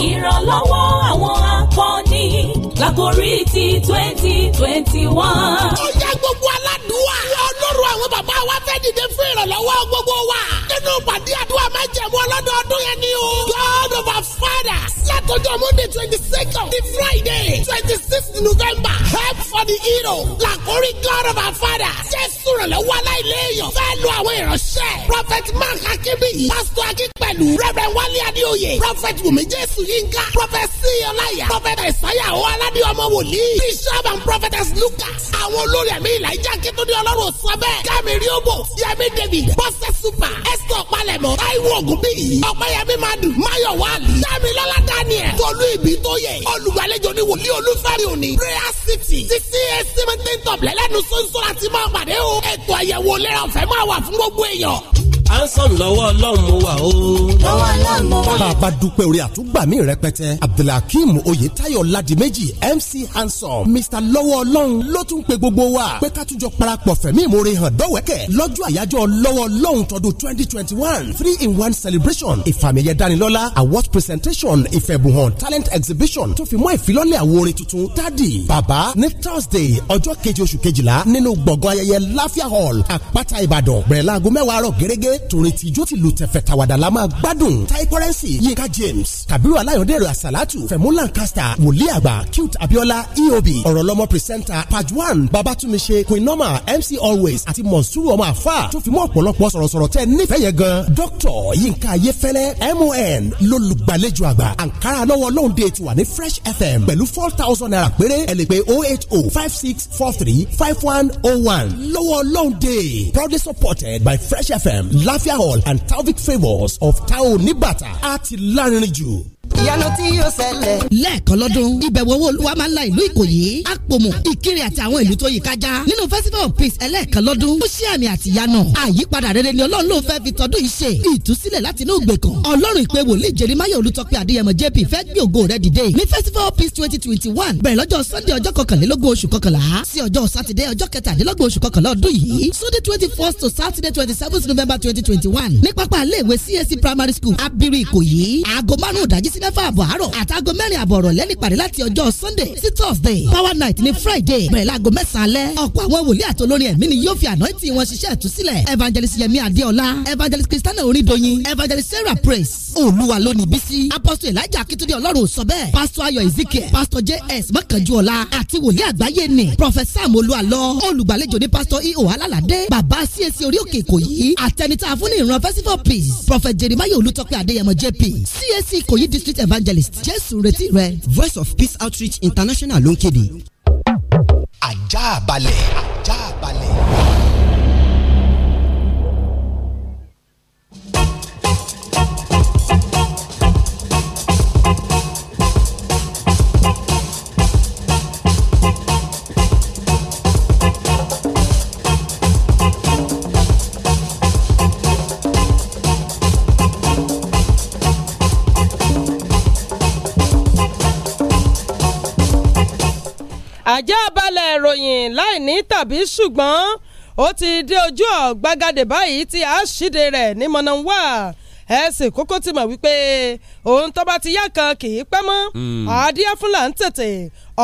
ìrànlọ́wọ́ àwọn akọni lágorí ti twenty twenty one. ó yá gbogbo bàbá wa fẹ́ dìde fún ìrànlọ́wọ́ gbogbo wa. nínú pàdé àdúrà máa jẹ̀mú ọlọ́dọọdún yẹn ni o. God of our father. látọjọ́ monday twenty second di friday twenty sixth november help for the hero. làkórí God of our father. jésù ìrànlọ́wọ́ aláìléèyàn. fẹ́ lu àwọn ìránṣẹ́. prophet mark akínbíyì. Pastor akín Reverend rẹ̀rẹ̀ wálé adéoyè. prophet wùmí jésù yínká. prophet sí ọláyà. prophet ẹ̀sáyà ọ̀ aládé ọmọ wòlíì. bishop and Prophet as lucas. àwọn olórí ẹ̀mí ìlà ìjà kí tó ní ọlọ́run sọ bẹ́ẹ̀. kẹ́mi Eriobo Yemi David Bọ́sẹ̀ Super Esther Palẹ̀mọ́ Táíwò Ògúnbíyì Ọ̀pẹ́yẹmí Madu Máyọ̀ Wálì Dámilọ́lá Daniel Tolú Ibi Tóyè Olùgbàlejò ni wòlíì Olúfẹ́rin òní Prayer City Sisi Esimentin Tọ̀blẹ́lẹ́nu Sọ́nsọ́ láti máa pàdé o. Ètò àyẹ̀wò ìlera ọ̀fẹ́ máa wà fún gbogbo èèyàn ansan lọ́wọ́ ọlọ́run mo wà o. lọ́wọ́ ọlọ́run mo wà. bàbá dúpẹ́ orí àtúgbàmí rẹpẹtẹ abdulhakeem oyetayo ladimeji mc handsome mr lọ́wọ́ ọlọ́run ló tún pe gbogbo wa pé ká tún jọ parapọ̀ fẹ̀mí ìmoore hàn dọ́wẹ́kẹ̀ lọ́jọ́ àyájọ́ lọ́wọ́ ọlọ́run tọdún twenty twenty one three in one celebration ìfàmìyẹ dánilọ́lá award presentation ìfẹ̀bùhàn talent exhibition tó fi mọ́ ìfilọ́lẹ̀ àwo orin tuntun tádì bàbá ní thursday ọjọ́ keje oṣù kejìlá nínú gbọ̀ngàn ayẹyẹ láfíà hall àpáta ìbàdàn bẹ̀rẹ̀ láago mẹ́wàá àárọ̀ gẹ́gẹ́ eré tòrin ti ijó ti lu tẹ̀fẹ̀ tàwàdà la máa gbádùn tai currency yinka james kabiru alayọ̀dẹ̀rẹ̀ asalatu fẹ̀mú lancaster wòlíì àgbà cute abiola eob ọ̀rọ̀ lọ́mọ Page One, babatunmise queen norma mc always àti monsuru ọmọ àfà tó fi mọ́ ọ̀pọ̀lọpọ̀ sọ̀rọ̀sọ̀rọ̀ tẹ́ nífẹ̀ẹ́ yẹn gan dr yinka ayefẹ́lẹ́ mon lólùgbàlejò àgbà ankara lọ́wọ́ lóhùndé ti wà ní fresh fm pẹ̀lú four thousand naira péré ẹ oh eight oh five six four three five one oh one lọ́wọ́ lóhùndé proudly supported by fresh fm Lafia Hall and Talvik Favours of Tao Nibata. A ti lárinrin jù ìyanu tí yóò ṣẹlẹ̀. lẹ́ẹ̀kan lọ́dún ìbẹ̀wò owó olúwa máa ń la ìlú ìkòyí àpòmù ìkirè àti àwọn ìlú tó yí kájá nínú festival of peace ẹlẹ́ẹ̀kan lọ́dún ó ṣí àmì àti ìyanu àyípadà rere ni ọlọ́run ló fẹ́ fi tọdún yìí ṣe ìtúsílẹ̀ láti inú ìgbèkùn ọlọ́run ìpè wòlíì jerimáyà olùtọ́pẹ́ adéyẹmọ jp fẹ́ gbé ògo rẹ̀ dìde ní festival of peace twenty twenty one bẹ̀rẹ̀ lọ́jọ́ sunday ọjọ́ kọkànlélógún oṣù kọkànlá sí ọjọ́ sátidé ọjọ́ kẹtàdínlógún oṣù kọkànlá ọdún yìí sunday twenty first to saturday twenty seventh november twenty twenty one ní pápá csc e primary school abiri ìkòyí aago márùn-ún ìdájí mẹ́fà àbọ̀ àárọ̀ àtàgọ́ mẹ́rin àbọ̀ ọ̀rọ̀lẹ́ nípàdé láti ọjọ́ sunday sí thursday power night ní friday bẹ̀rẹ̀ láago mẹ́sàn-án alẹ́ ọ̀pọ̀ àwọn wòlíì àtolórin ẹ̀mí ni yóò fi ànáìtì wọn ṣiṣẹ́ ìtúsílẹ̀ evangelist yemi Adeola. evangelist christiana orindoyin evangelist sarah praise olúwa lónìí bísí apostle elijah akitunde ọlọ́run sọ bẹ́ẹ̀ pastor ayọ̀ ezekiel pastor js mọ́kànjúọlá àti wòlíì àgbáyé ni Professor sam olúwalọ olùgbàlejò ní pastor iho e alalade bàbá cac orí òkè ìkòyí àtẹnitá fún ní ìran festival peace prophet jeremiah olùtọ́pẹ́ adéyẹmọ jp CSC ìkòyí dis street evangelist jésù retí rẹ voice of peace outreach international ló ń kéde. ajá balẹ̀ ajá balẹ̀. tàbí ṣùgbọ́n ó ti dé ojú ọ̀gbagadè báyìí tí a ṣíde rẹ̀ ní mọ̀nàmúwà ẹ sì kókó ti mọ̀ wípé òun tó bá ti yá kan kì í pẹ́ mọ́ àdíyá hmm. fúnlà ń tètè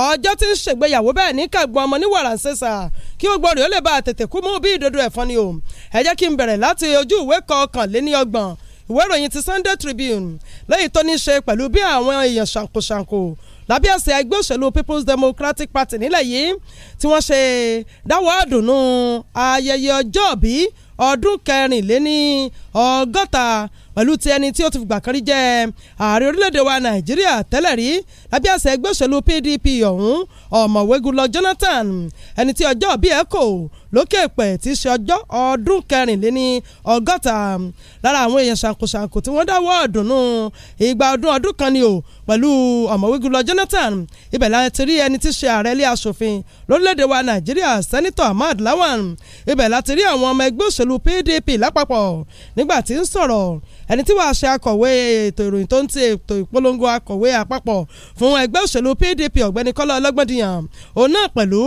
ọjọ́ tí ń ṣègbéyàwó bẹ́ẹ̀ ní kàgbọ́n ọmọ ní wàràǹsẹ̀sà kí ó gbọ́dọ̀ ó lè bá tètè kú mú bí ìdodo ẹ̀fọn ni o ẹ jẹ́ kí n bẹ̀rẹ̀ láti ojú ìwé kọkànléní ọgbọ̀n ìwé ìròyìn ti Sunday Tribune lẹ́yìn tó ní ṣe pẹ̀lú bí àwọn èèyàn ṣàǹkóṣàǹkó lábẹ́ àṣẹ ẹgbẹ́ òṣèlú People's Democratic Party nílẹ̀ yìí tí wọ́n ṣe dáwọ́ àdùnnú ayẹyẹ ọjọ́bí ọdún kẹrìnléní ọgọ́ta pẹ̀lú ti ẹni tí ó ti fìgbà kan rí jẹ́ eh, ààrẹ orílẹ̀-èdè wa nàìjíríà tẹ́lẹ̀ rí lábẹ́ àṣẹ ẹgbẹ́ òṣèlú PDP ọ̀hún ọ̀mọ̀wé Goodluck Jonathan ẹni tí ọjọ́ bíi ẹ̀ kò lókè èpè tí í ṣe ọjọ́ ọdún kẹrìnléní ọgọ́ta lára àwọn èèyàn ṣàǹkóṣàǹkó tí wọ́n dáwọ́ ọ̀dùnnú ìgbà ọdún ọdún kan ni o pẹ̀lú ọ̀mọ̀wé Goodluck Jonathan ibẹ̀ la ti rí ẹni tí í ṣe ààrẹ ilé asòfin lórílẹ̀‐èdè wa Nàìjíríà sẹ́nitọ̀ Ahmad Lawan ibẹ̀ la ti rí àwọn ọmọ ẹgbẹ́ òṣèlú PDP lápapọ̀ nígbà tí ń sọ̀rọ̀ ẹni tí wàá ṣe akọ̀wé ètò ìròyìn tó ń ti ètò ìpolongo akọ̀wé àpapọ̀ fún ẹgbẹ́ òṣèlú PDP ọ̀gbẹ́ni Kọ́lá Ọlọ́gbọ́ndìyàn òun náà pẹ̀lú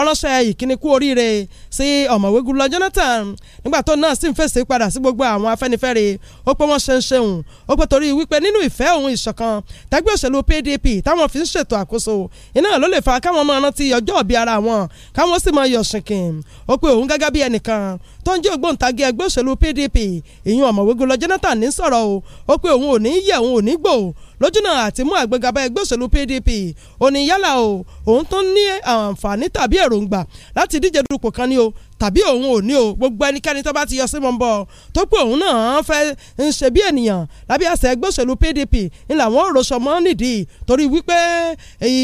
ọlọ́ṣẹ́ ìkíni kú oríire sí ọ̀mọ̀wé Goodluck Jonathan nígbà tó náà sì ń fèsì padà sí gbogbo àwọn Afẹ́nifẹ́re ó pé wọ́n ṣe ń ṣeun ó pé torí wípé nínú ìfẹ́ òun ìṣọ̀kan tẹ́gbẹ́ òṣèlú PDP táwọn fi ń ṣètò àkóso iná ló lè fa káwọn máa rántí ọjọ́ ìbí ara wọn káwọn sì máa yọ̀ ṣìnkìn ó pé òun gẹ́gẹ́ bí ẹnìkan tó ń jẹ́ ògbóǹtagì ẹgbẹ́ òṣèlú PDP ìyún ọ̀mọ̀wé Goodluck Jonathan ní sọ̀rọ̀ o ó pé òun ò ní yẹ̀ òun ò ní gbò lójúnà àti mú àgbéga bá ẹgbẹ́ òṣèlú PDP òní yálà o òun tó ní àǹfààní tàbí èròǹgbà láti díje dupò kan ni o tàbí òun ò ní o gbogbo ẹnikẹ́ni tó bá ti yọ sí mọ́ ń bọ̀ tó pé òun náà fẹ́ ń ṣe bí ènìyàn lábẹ́ àṣẹ ẹgbẹ́ òṣèlú PDP ń làwọn ò rọṣọ mọ́ nídìí torí wípé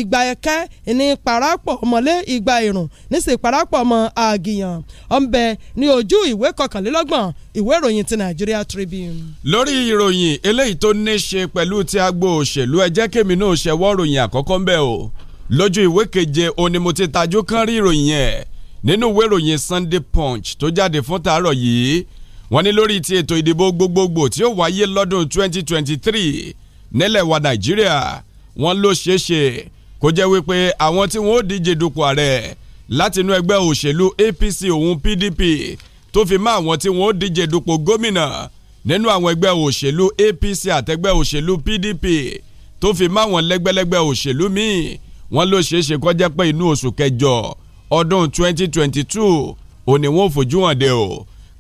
ìgbà ẹ̀kẹ́ ní parapọ̀ ọmọlé ìgbà ìrùn níṣẹ́ parapọ̀ ọmọ àgìyàn ọ̀nbẹ ní ojú ìwé kọkànlélọ́gbọ̀n ìwé ìròyìn ti Nigeria Tribune. lórí ìròyìn eléyìí tó ní ṣe pẹ̀lú ti agbo agbo òṣèlú ẹ jẹ́ kémi náà ṣẹwọ́ ròyìn àkọ́kọ́ ń bẹ̀ o lójú ìwé keje òní mo ti tajú kán rí ìròyìn ẹ̀ nínú ìwé ìròyìn Sunday Punch tó jáde fún tàárọ̀ yìí wọ́n ní lórí ti ètò ìdìbò gbogbogbò tí ó wáyé lọ́dún 2023 nílẹ̀ wa Nàìjíríà wọ́n ló ṣeé ṣe kó jẹ́ wípé àwọn tí wọ́n ó díje dupò ààrẹ látinú ẹgbẹ́ òṣèlú APC òun PDP tó fi mọ́ àwọn tí wọ́n ó díje dupò gómìnà nínú àwọn ẹgbẹ́ òṣèlú APC àtẹgbẹ́ òṣèlú PDP tó fi máwọn lẹ́gbẹ́lẹ́gbẹ́ òṣèlú míì wọ́n ló ṣeé ṣe kọjá pé inú oṣù kẹjọ ọdún 2022 òní wọn ò fojú hàn dé o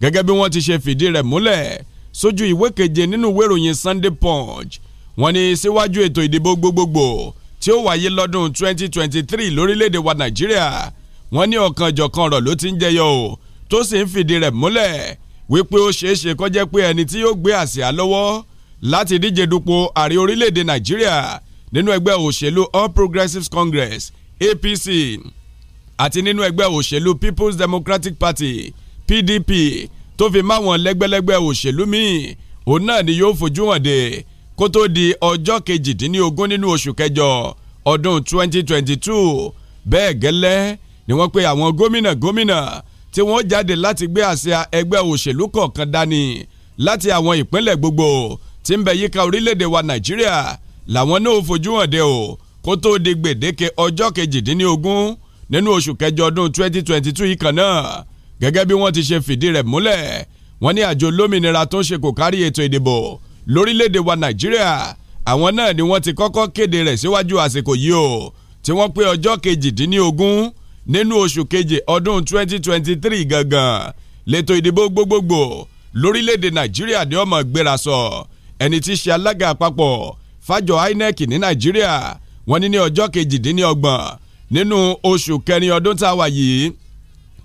gẹ́gẹ́ bí wọ́n ti ṣe fìdí rẹ̀ múlẹ̀ sójú ìwé keje nínú ìwé ìròyìn Sunday Punch wọ́n ní síwájú ètò ìdìbò gbogbogbò tí ó wáyé lọ́dún 2023 lórílẹ̀‐èdè wa Nàìjíríà wọ́n ní ọ̀kan ìjọ̀kan ọ̀rọ̀ ló ti ń jẹyọ o tó sì ń fìdí rẹ̀ múlẹ̀ wípé ó ṣeé ṣe kó jẹ́ pé ẹni tí yóò gbé àsíá lọ́wọ́ láti díje dupò ààrẹ orílẹ̀-èdè nàìjíríà nínú ẹgbẹ́ òṣèlú All Progressives Congress APC àti nínú ẹgbẹ́ òṣèlú People's Democratic Party PDP tó fi máwọn lẹ́gbẹ́lẹ́gbẹ́ òṣèlú míì òun náà ni yóò fojú hàn dé kó tó di ọjọ́ kejìdínlógún nínú oṣù kẹjọ ọdún 2022 bẹ́ẹ̀ gẹ́lẹ́ ni wọ́n pe àwọn gómìnà gómìnà tí wọ́n jáde láti gbé àsíá ẹgbẹ́ òṣèlú kọ̀ọ̀kan dání láti àwọn ìpínlẹ̀ gbogbo tí ń bẹ yíká orílẹ̀-èdè wa Nàìjíríà làwọn náà fojú hàn dé o kó tóó di gbèdéke ọjọ́ kejìdínlógún nínú oṣù kẹjọ ọdún 2022 yìí kan náà gẹ́gẹ́ bí wọ́n ti ṣe fìdí rẹ̀ múlẹ̀ wọ́n ní àjọ olómìnira tó ń ṣe kò kárí ètò ìdìbò lórílẹ̀‐èdè wa nàìjíríà àwọn náà ni wọ́n ti kọ́kọ́ kéde rẹ̀ síwájú àsìkò yìí o tí wọ́n pé ọjọ́ kejìdínlógún nínú oṣù keje ọdún 2023 gangan lẹ́tọ̀ ìdìbò gbogbogbò lórílẹ̀‐èdè nàìjíríà ni ọmọ gbéra sọ ẹni tí í ṣe alága àpapọ̀ fájọ INEC ní nàìjíríà wọ́n ní ní ọjọ́ kejìdínlọ́gbọ̀n nínú oṣù kẹrin ọdún tá a wà yìí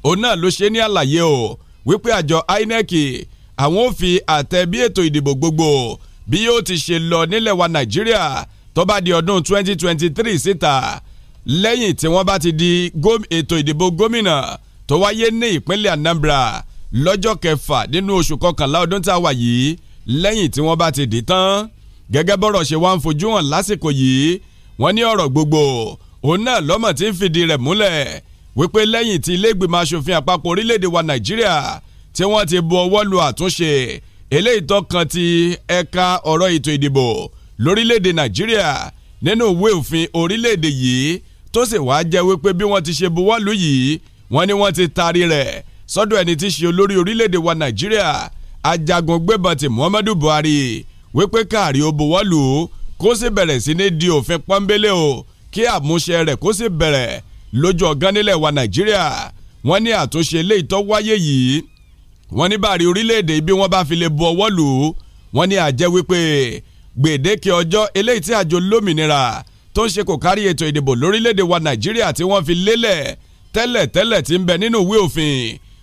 òun náà ló ṣe ní àlàyé o wípé àjọ INEC àwọn ò fi àtẹ bí ètò ìdìbò gbogbo bí yóò ti ṣe lọ nílẹ̀ wa nàìjíríà tó di ọdún 2023 síta lẹ́yìn tí wọ́n bá ti di ètò ìdìbò gómìnà tó wáyé ní ìpínlẹ̀ Anambra lọ́jọ́ kẹfà nínú oṣù kọkànlá ọdún tá a wà yìí lẹ́yìn tí wọ́n bá ti dì tán gẹ́gẹ́ bọ́rọ̀ ṣe wá ń fojú hàn lásìkò yìí wọ́n ní ọ̀rọ̀ gbogbo òun náà lọ́mọ̀ tí ń fìdí rẹ̀ múlẹ̀ wípé lẹ́yìn tí ilé asòfin àpapọ̀ orílẹ̀-èdè wa Nàìjíríà tí wọ́n ti bu ọwọ́ lu àtúnṣe eléyìí tó kan ti ẹ̀ka ọ̀rọ̀ ètò ìdìbò lórílẹ̀-èdè Nàìjíríà nínú ìwé òfin orílẹ̀-èdè yìí tó sì wá jẹ́ wípé bí wọ́n ti ṣe buwọ́lù yìí wọ́n ní wọ́n ti taari rẹ̀ sọ́dọ̀ ẹni tí ṣe olórí orílẹ̀-èdè wa Nàìjíríà ajagun gbébọn ti Muhammadu Buhari wípé káàrí ó buwọ́lù kó sì bẹ̀rẹ̀ sí ní di òfin pọ́nbélé o kí àmúṣe rẹ̀ kó sì bẹ̀rẹ̀ lójú ọ̀gán nílẹ̀ wa Nàìjíríà wọ́n ní àtúnṣe ilé ìtọ́ wáyé yìí wọ́n ní bàrí orílẹ̀-èdè bí wọ́n bá fi lè bu ọwọ́ lù wọ́n ní àjẹ́ wípé gbèdéke ọjọ́ eléyìí tí àjọ lómìnira tó ń ṣe kò kárí ètò ìdìbò lórílẹ̀‐èdè wa nàìjíríà tí wọ́n fi lélẹ̀ tẹ́lẹ̀tẹ́lẹ̀ ti ń bẹ nínú ìwé òfin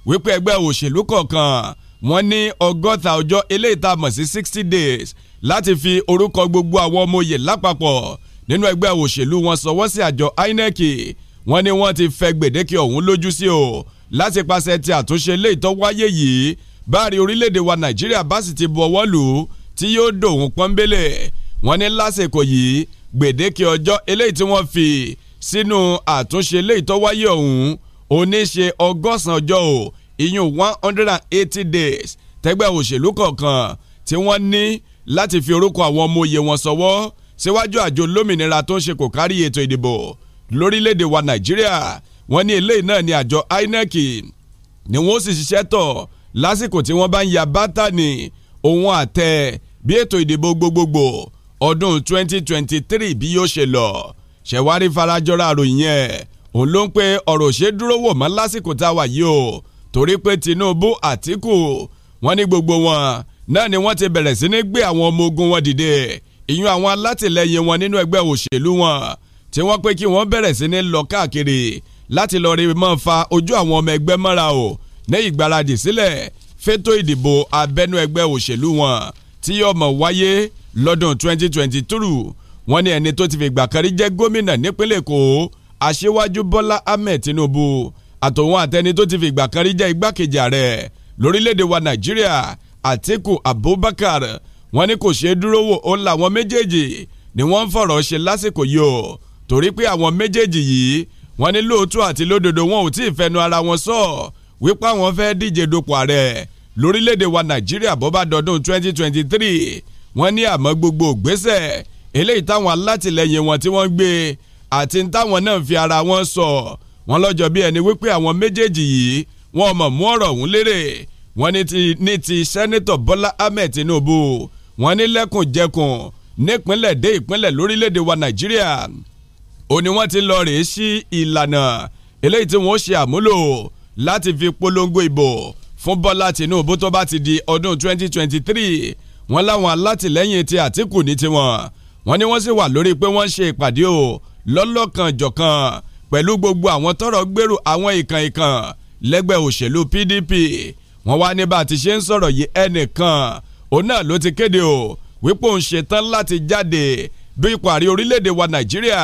wípé ẹgbẹ́ òṣèlú kọ̀ọ̀kan wọ́n ní ọgọ́ta ọjọ́ eléyìí tá a mọ̀ sí sixty days láti fi orúkọ gbogbo àwọn ọmọ oyè lápapọ̀ nínú ẹgbẹ́ òṣèlú wọn sọwọ́ sí àjọ INEC wọ́n ní wọ́n ti fẹ́ gbèdéke ọ̀hún lójú sí o láti pàṣẹ ti àtúnṣe eléyìí tó wáyé yìí báàrí orílẹ̀-èdè wa nàìjíríà bá sì ti bu ọwọ́ lù tí yóò dòun pọ́nbélé wọ́n ní lásìkò yìí gbèdéke ọjọ́ eléyìí tí wọ́n fi sínú àtúnṣe eléyìí tó wáyé ọ̀hún oníṣe ọgọ́sàn ọjọ́ o ìyún one hundred and eighty days tẹ́gbẹ́ òṣèlú kọ̀ọ̀kan tí wọ́n ní láti fi orúkọ àwọn ọmọ òye wọn sọwọ́ síwájú àjọ olómìnira tó ń ṣe kò kárí ètò ìdìbò lórílẹ̀‐èdè wa nàìjíríà wọ́n ní eléyìí náà ni àjọ INEC ni wọ́n sì ṣiṣẹ́ tọ̀ lásìkò tí wọ́n bá ń ya bátà ní òun àtẹ bí ètò ìdìbò gbogbogbò ọdún 2023 bí yóò ṣe lọ ṣẹ̀wárí farajọra àròyìn yẹn òun ló ń pe ọ̀rọ̀ ṣe dúró wò mọ́ lásìkò tá a wà yìí o torí pé Tinubu Àtíkù wọ́n ní gbogbo wọn náà ni wọ́n ti bẹ̀rẹ̀ sí ní gbé àwọn ọmọ ogun wọn dìde ìyún àwọn alátìlẹyìn wọn nínú ẹgbẹ́ òṣèlú wọn tí wọ́n pé kí wọ́n bẹ̀rẹ̀ sí ní lọ káàkiri láti lọ rí mọ́ fa ojú àwọn ọmọ ẹgbẹ́ mọ́ra o ní ìgbáradì sílẹ̀ fẹ́tọ̀ ìdìbò abẹ́nú ẹgbẹ́ òṣèlú wọn tí yóò mọ̀ wáyé lọ́dún 2022 wọ́n ní ẹni tó ti fi gbà kan rí jẹ́ gómìnà nípínlẹ̀ Èkó aṣíwájú Bọ́lá Ahmed Tinubu àtòun àtẹni tó ti fi gbà kan jẹ́ igbákejì ààrẹ lórílẹ̀‐èdè wa Nàìjíríà atiku Abubakar wọ́n ní kò ṣeé dúró wò ó làwọn méjèèjì ni wọ́n ń fọ̀rọ̀ ṣe lásìkò yìí o torí pé àwọn méjèèjì yìí wọ́n ní lóòótọ́ àti lódodo wọn ò tí ì fẹnu ara wọn sọ wípé àwọn fẹ́ díje dupò ààrẹ lórílẹ̀‐èdè wa Nàìjíríà bó bá dọdún 2023 wọ́n ní àmọ́ gbogbo ògbésẹ̀ eléyìí táwọn alátìlẹyìn wọn tí wọ́n gbé àti táwọn náà fi ara wọn sọ wọ́n lọ́jọ́ bí ẹni wípé àwọn méjèèjì yìí wọ́n mọ̀ mú ọ̀rọ̀ ọ̀hún lérè wọ́n ní ti ní ti sẹ́nẹ́tọ̀ Bọ́lá Ahmed Tinubu wọ́n ní lẹ́kùnjẹkùn nípínlẹ̀ dé ìpínlẹ̀ lórílẹ̀‐èdè wa Nàìjíríà ó ní wọ́n ti lọ rèé sí ìlànà eléyìí tí wọ́n ṣe àmúlò láti fi polongo ìbò fún Bọ́lá Tinubu tó bá ti di ọdún 2023 wọ́n láwọn alátìlẹ́yìn ti Àtíkù ní tiwọn wọ́n ní wọ́n sì wà lórí pé wọ́n ṣe ìpàdé o lọ́lọ́kanjọ̀kan pẹ̀lú gbogbo àwọn tọ́rọ̀ gbèrú àwọn ìkàn ìkàn lẹ́gbẹ́ òṣèlú PDP wọ́n wá ní bá a ti ṣe ń sọ̀rọ̀ yìí ẹnìkan òun náà ló ti kéde o wípé òun ṣetán láti jáde bí ipò àrí orílẹ̀-èdè wa Nàìjíríà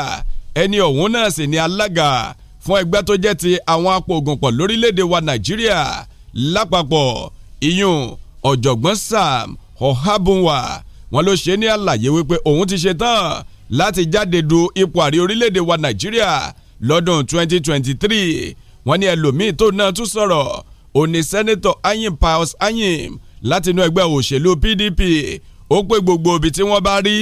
ẹni ọ̀hún náà sì ni alága fún ẹgbẹ́ tó jẹ́ ti àwọn apòògùnpọ̀ lórílẹ̀-èdè wa Nàìjíríà lápapọ̀ ìyún ọ̀jọ̀gbọ́n Sam ọ̀hábùnwà wọn ló ṣe ní àlàyé wípé òun ti ṣe tán láti jáde du ipò àrí orílẹ̀-èdè wa nàìjíríà lọ́dún 2023 wọ́n ní ẹlòmíín tó náà tún sọ̀rọ̀ òní sẹ́nẹ́tọ̀ ayim pius ayim látinú ẹgbẹ́ òṣèlú pdp ó pé gbogbo ibi tí wọ́n bá rí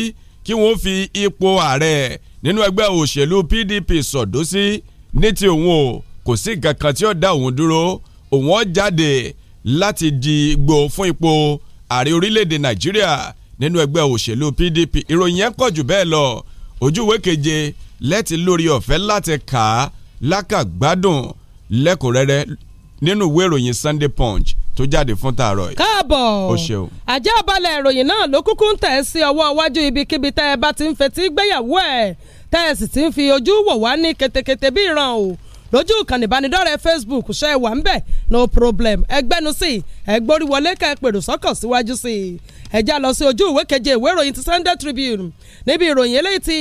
kí wọ́n fi ipò ààrẹ nínú ẹgbẹ́ òṣèlú pdp sọ̀dọ́ sí ní ti òun o kò sí nǹkan kan tí ó dá òun dúró òun ó jáde láti di gbò fún ipò ààrẹ orílẹ̀-èdè nàìjíríà nínú ẹgbẹ́ òṣèlú PDP ìròyìn yẹn pọ̀ jù bẹ́ẹ̀ lọ ojú ìwé keje lẹ́tì lórí ọ̀fẹ́ láti kà á lákàgbádùn lẹ́kùnrẹ́rẹ́ nínú ìwé ìròyìn Sunday Punch tó jáde fún tààrọ̀ yìí. káàbọ̀ ó ṣeun. àjẹ́ àbálẹ̀ ìròyìn náà ló kúkú ń tẹ̀ sí ọwọ́ iwájú ibikíbi tẹ́ ẹ bá ti ń fetí gbéyàwó ẹ̀ tẹ́ ẹ sì ti ń fi ojú wò wá ní ketekete bí ìran o lójú ìkànnì ìbánidọ́rẹ̀ẹ́ Facebook ṣe wà ń bẹ̀ no problem ẹgbẹ́nu sí ẹgbórí wọlé ká pèrò sọ́kàn síwájú sí i ẹjá lọ sí ojú ìwé keje ìwé ìròyìn ti Sunday Tribune níbi ìròyìn eléyìí ti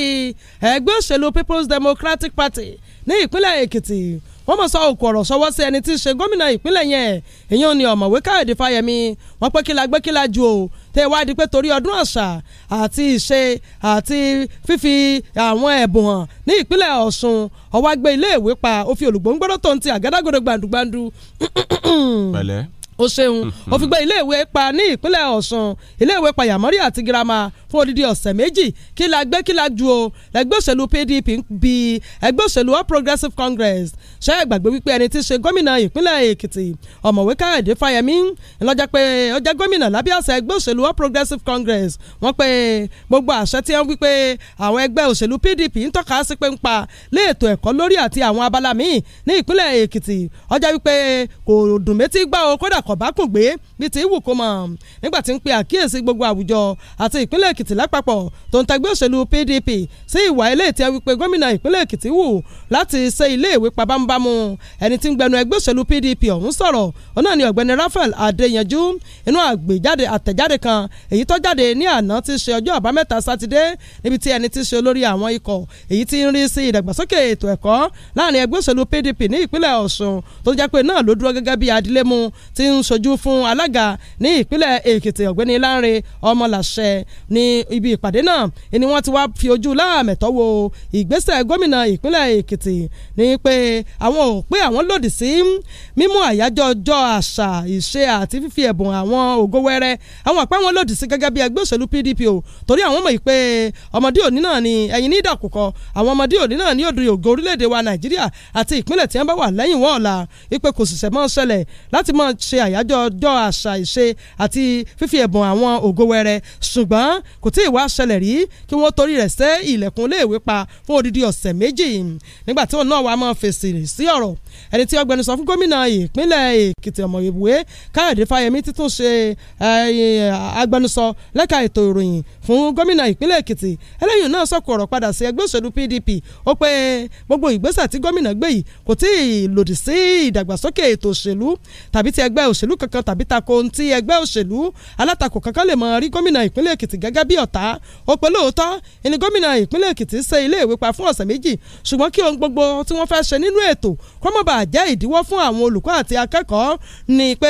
ẹgbẹ́ òṣèlú People's Democratic Party ní ìpínlẹ̀ Èkìtì wọ́n mọ̀ sọ òkú ọ̀rọ̀ sọwọ́ sí ẹni tí í ṣe gómìnà ìpínlẹ̀ yẹn èyàn ni ọ̀mọ̀wé káyọ̀dé fáyẹmí wọ́n pé kíla gbé kíla ju o tẹ́ ẹ wá di pé torí ọdún àṣà àti ìṣe àti fífi àwọn ẹ̀bùn hàn ní ìpínlẹ̀ ọ̀ṣun ọwọ́ gbé iléèwé pa ó fi olùgbòǹgbòrò tó ń ti àgádágodo gbàǹdùgbàǹdù. pẹ̀lẹ́ ó ṣeun òfin mm-hmm. gbé iléèwé pa ní ìpínlẹ̀ Ọ̀ṣun iléèwé pa yàmọ́rí àti girama fún odidi ọ̀sẹ̀ méjì kí la gbé kí la ju o ẹgbẹ́ òṣèlú PDP bí ẹgbẹ́ òṣèlú All Progressives Congress ṣe é gbàgbé wípé ẹni tí í ṣe gómìnà ìpínlẹ̀ Èkìtì ọ̀mọ̀wé Káyọ̀dé Fáyẹmí ńlọ́jà pé ó jẹ́ gómìnà lábẹ́ àṣẹ ẹgbẹ́ òṣèlú All Progressives Congress wọ́n pé gbogbo àṣẹ tí wọ́n wípé àwọn ẹgbẹ́ òṣèlú PDP ń tọ́ka sí pé ń pa lé ètò ẹ̀kọ́ lórí àti àwọn abala o kódà àkọ̀bákùngbé bíi ti wù kó mọ̀ nígbà tí ń pe àkíyèsí gbogbo àwùjọ àti ìpínlẹ̀ Èkìtì lápapọ̀ tó ń tẹgbẹ́ òṣèlú PDP sí ìwà ilé tí a wípé gómìnà ìpínlẹ̀ Èkìtì wù láti ṣe ilé ìwé pabambamu ẹni tí ń gbẹnu ẹgbẹ́ òṣèlú PDP ọ̀hún sọ̀rọ̀ ọ̀nà ni ọ̀gbẹ́ni Raphael Adéyanjú inú àgbéjáde àtẹ̀jáde kan èyí tó jáde ní àná ti ṣe ọjọ́ àbámẹ́ta sátidé níbi tí ẹni ti ṣe olórí àwọn ikọ̀ èyí tí ń rí sí ìdàgbàsókè ètò ẹ̀kọ́ láàrin ẹgbẹ́ òṣèlú PDP ní ìpínlẹ̀ Ọ̀ṣun tó jẹ́ pé náà ló dúró gẹ́gẹ́ bí adílé ti ń ń sojú fún alága ní ìpínlẹ̀ èkìtì ọ̀gbẹ́ni lánre ọmọlàṣẹ ní ibi ìpàdé náà ni wọ́n ti wá fi ojú láàmẹ̀tọ́ wo ìgbésẹ̀ gómìnà ìpínlẹ̀ èkìtì ní pé àwọn ò pé àwọn lòdì sí mímú àyájọ́ ọjọ́ àṣà ìṣe àti fífi ẹ̀bùn àwọn ògo wẹ́rẹ́ àwọn àpá wọn lòdì sí gẹ́gẹ́ bí ẹgbẹ́ òṣèlú PDP o torí àwọn mọ̀ pé ọmọdé òní náà ni ẹ̀yin ní ìdàkùkọ àwọn ọmọdé òní náà ní òdòdó ògo orílẹ̀-èdè wa Nàìjíríà àti ìpínlẹ̀ tí wọ́n bá wà lẹ́yìn wọn ọ̀la kò sì sẹ̀ mọ́ ṣẹlẹ̀ láti máa ṣe àyájọ́ ọjọ́ àṣà ìṣe àti fífi ẹ̀bùn àwọn ògo wẹrẹ ṣùgbọ́n kò tí ì wá ṣẹlẹ̀ rí kí wọ́n torí rẹ̀ sẹ́ ilẹ̀kùn iléèwé pa fún odidi ọ̀sẹ̀ méjì nígbà tí òun náà wàá máa fèsì sí ọ̀rọ̀ ẹni tí ọgbẹnusọ fún gómìnà ìpínlẹ̀ èkìtì ọ̀mọ̀wé káyọ̀dé fáyemí títún ṣe eh, agbẹnusọ lẹ́ka ètò ìròyìn fún gómìnà ìpínlẹ̀ èkìtì ẹlẹ́yìn náà sọ̀kò ọ̀rọ̀ padà sí ẹgbẹ́ òṣèlú pdp ó pé gbogbo ìgbésẹ̀ tí gómìnà gbé yìí kò tí ì lòdì sí ìdàgbàsókè ètò òṣèlú tàbí ti ẹgbẹ́ òṣèlú kankan tàbí tako ti ẹgbẹ́ òṣèlú alátakò kankan lè mọ rí gómìnà ìpínlẹ̀ èkìtì gẹ́gẹ́ bí ọ̀tá ó pé lóòótọ́ ẹni gómìnà ìpínlẹ̀ èkìtì ṣe ilé ìwé pa fún ọ̀sẹ̀ méjì ṣùgbọ́n kí ohun gbogbo tí wọ́n fẹ́ ṣe nínú ètò kọ́mọ bàa jẹ́ ìdíwọ́ fún àwọn olùkọ́ àti akẹ́kọ̀ọ́ ni pé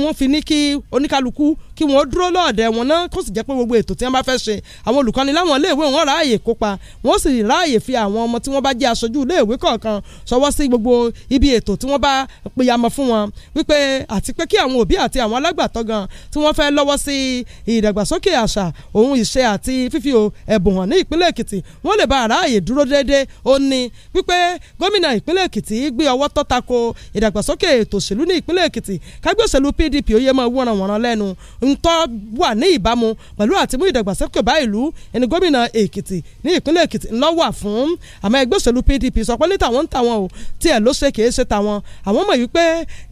wọ́n fi ní kí oníkálukú kí wọ́n dúró lọ́ọ̀dẹ̀ wọn náà kó sì jẹ́ pé gbogbo ètò tí wọ́n bá fẹ́ ṣe àwọn olùkọ́ni láwọn iléèwé wọn ráàyè kópa wọ́n sì ráàyè fi àwọn ọmọ tí wọ́n bá jẹ́ aṣojú iléèwé kọ̀ọ̀kan ṣọwọ́ sí gbogbo ibi ètò tí wọ́n bá pèyàmọ̀ fún wọn wípé àti pé kí àwọn òbí àti àwọn alágbàtọ́ gan tí wọ́n fẹ́ lọ́wọ́ sí ìdàgbàsókè àṣà òun ìṣe àti fífi ẹ̀bùn hàn ní ìpínlẹ̀ Èkìtì wọ́n lè bá àráàyè dúró déédéé ó ní wípé gómìnà ìpínlẹ̀ Èkìtì gbé ọwọ́ tọ́ta ko ìdàgbàsókè ètò òṣèlú ní ìpínlẹ̀ Èkìtì kágbé òṣèlú PDP ó yẹ mọ́ wọ́nranwọ̀nran lẹ́nu ntọ́ wà ní ìbámu pẹ̀lú àtimú ìdàgbàsókè bá ìlú ẹni gómìnà èkìtì ní ìpínlẹ̀ èkìtì ńlọ wà àmọ́ ẹgbẹ́ òṣèlú pdp sọ pé ní tàwọn tàwọn o tiẹ̀ ló ṣe kìí ṣe tàwọn àwọn mọ̀ wípé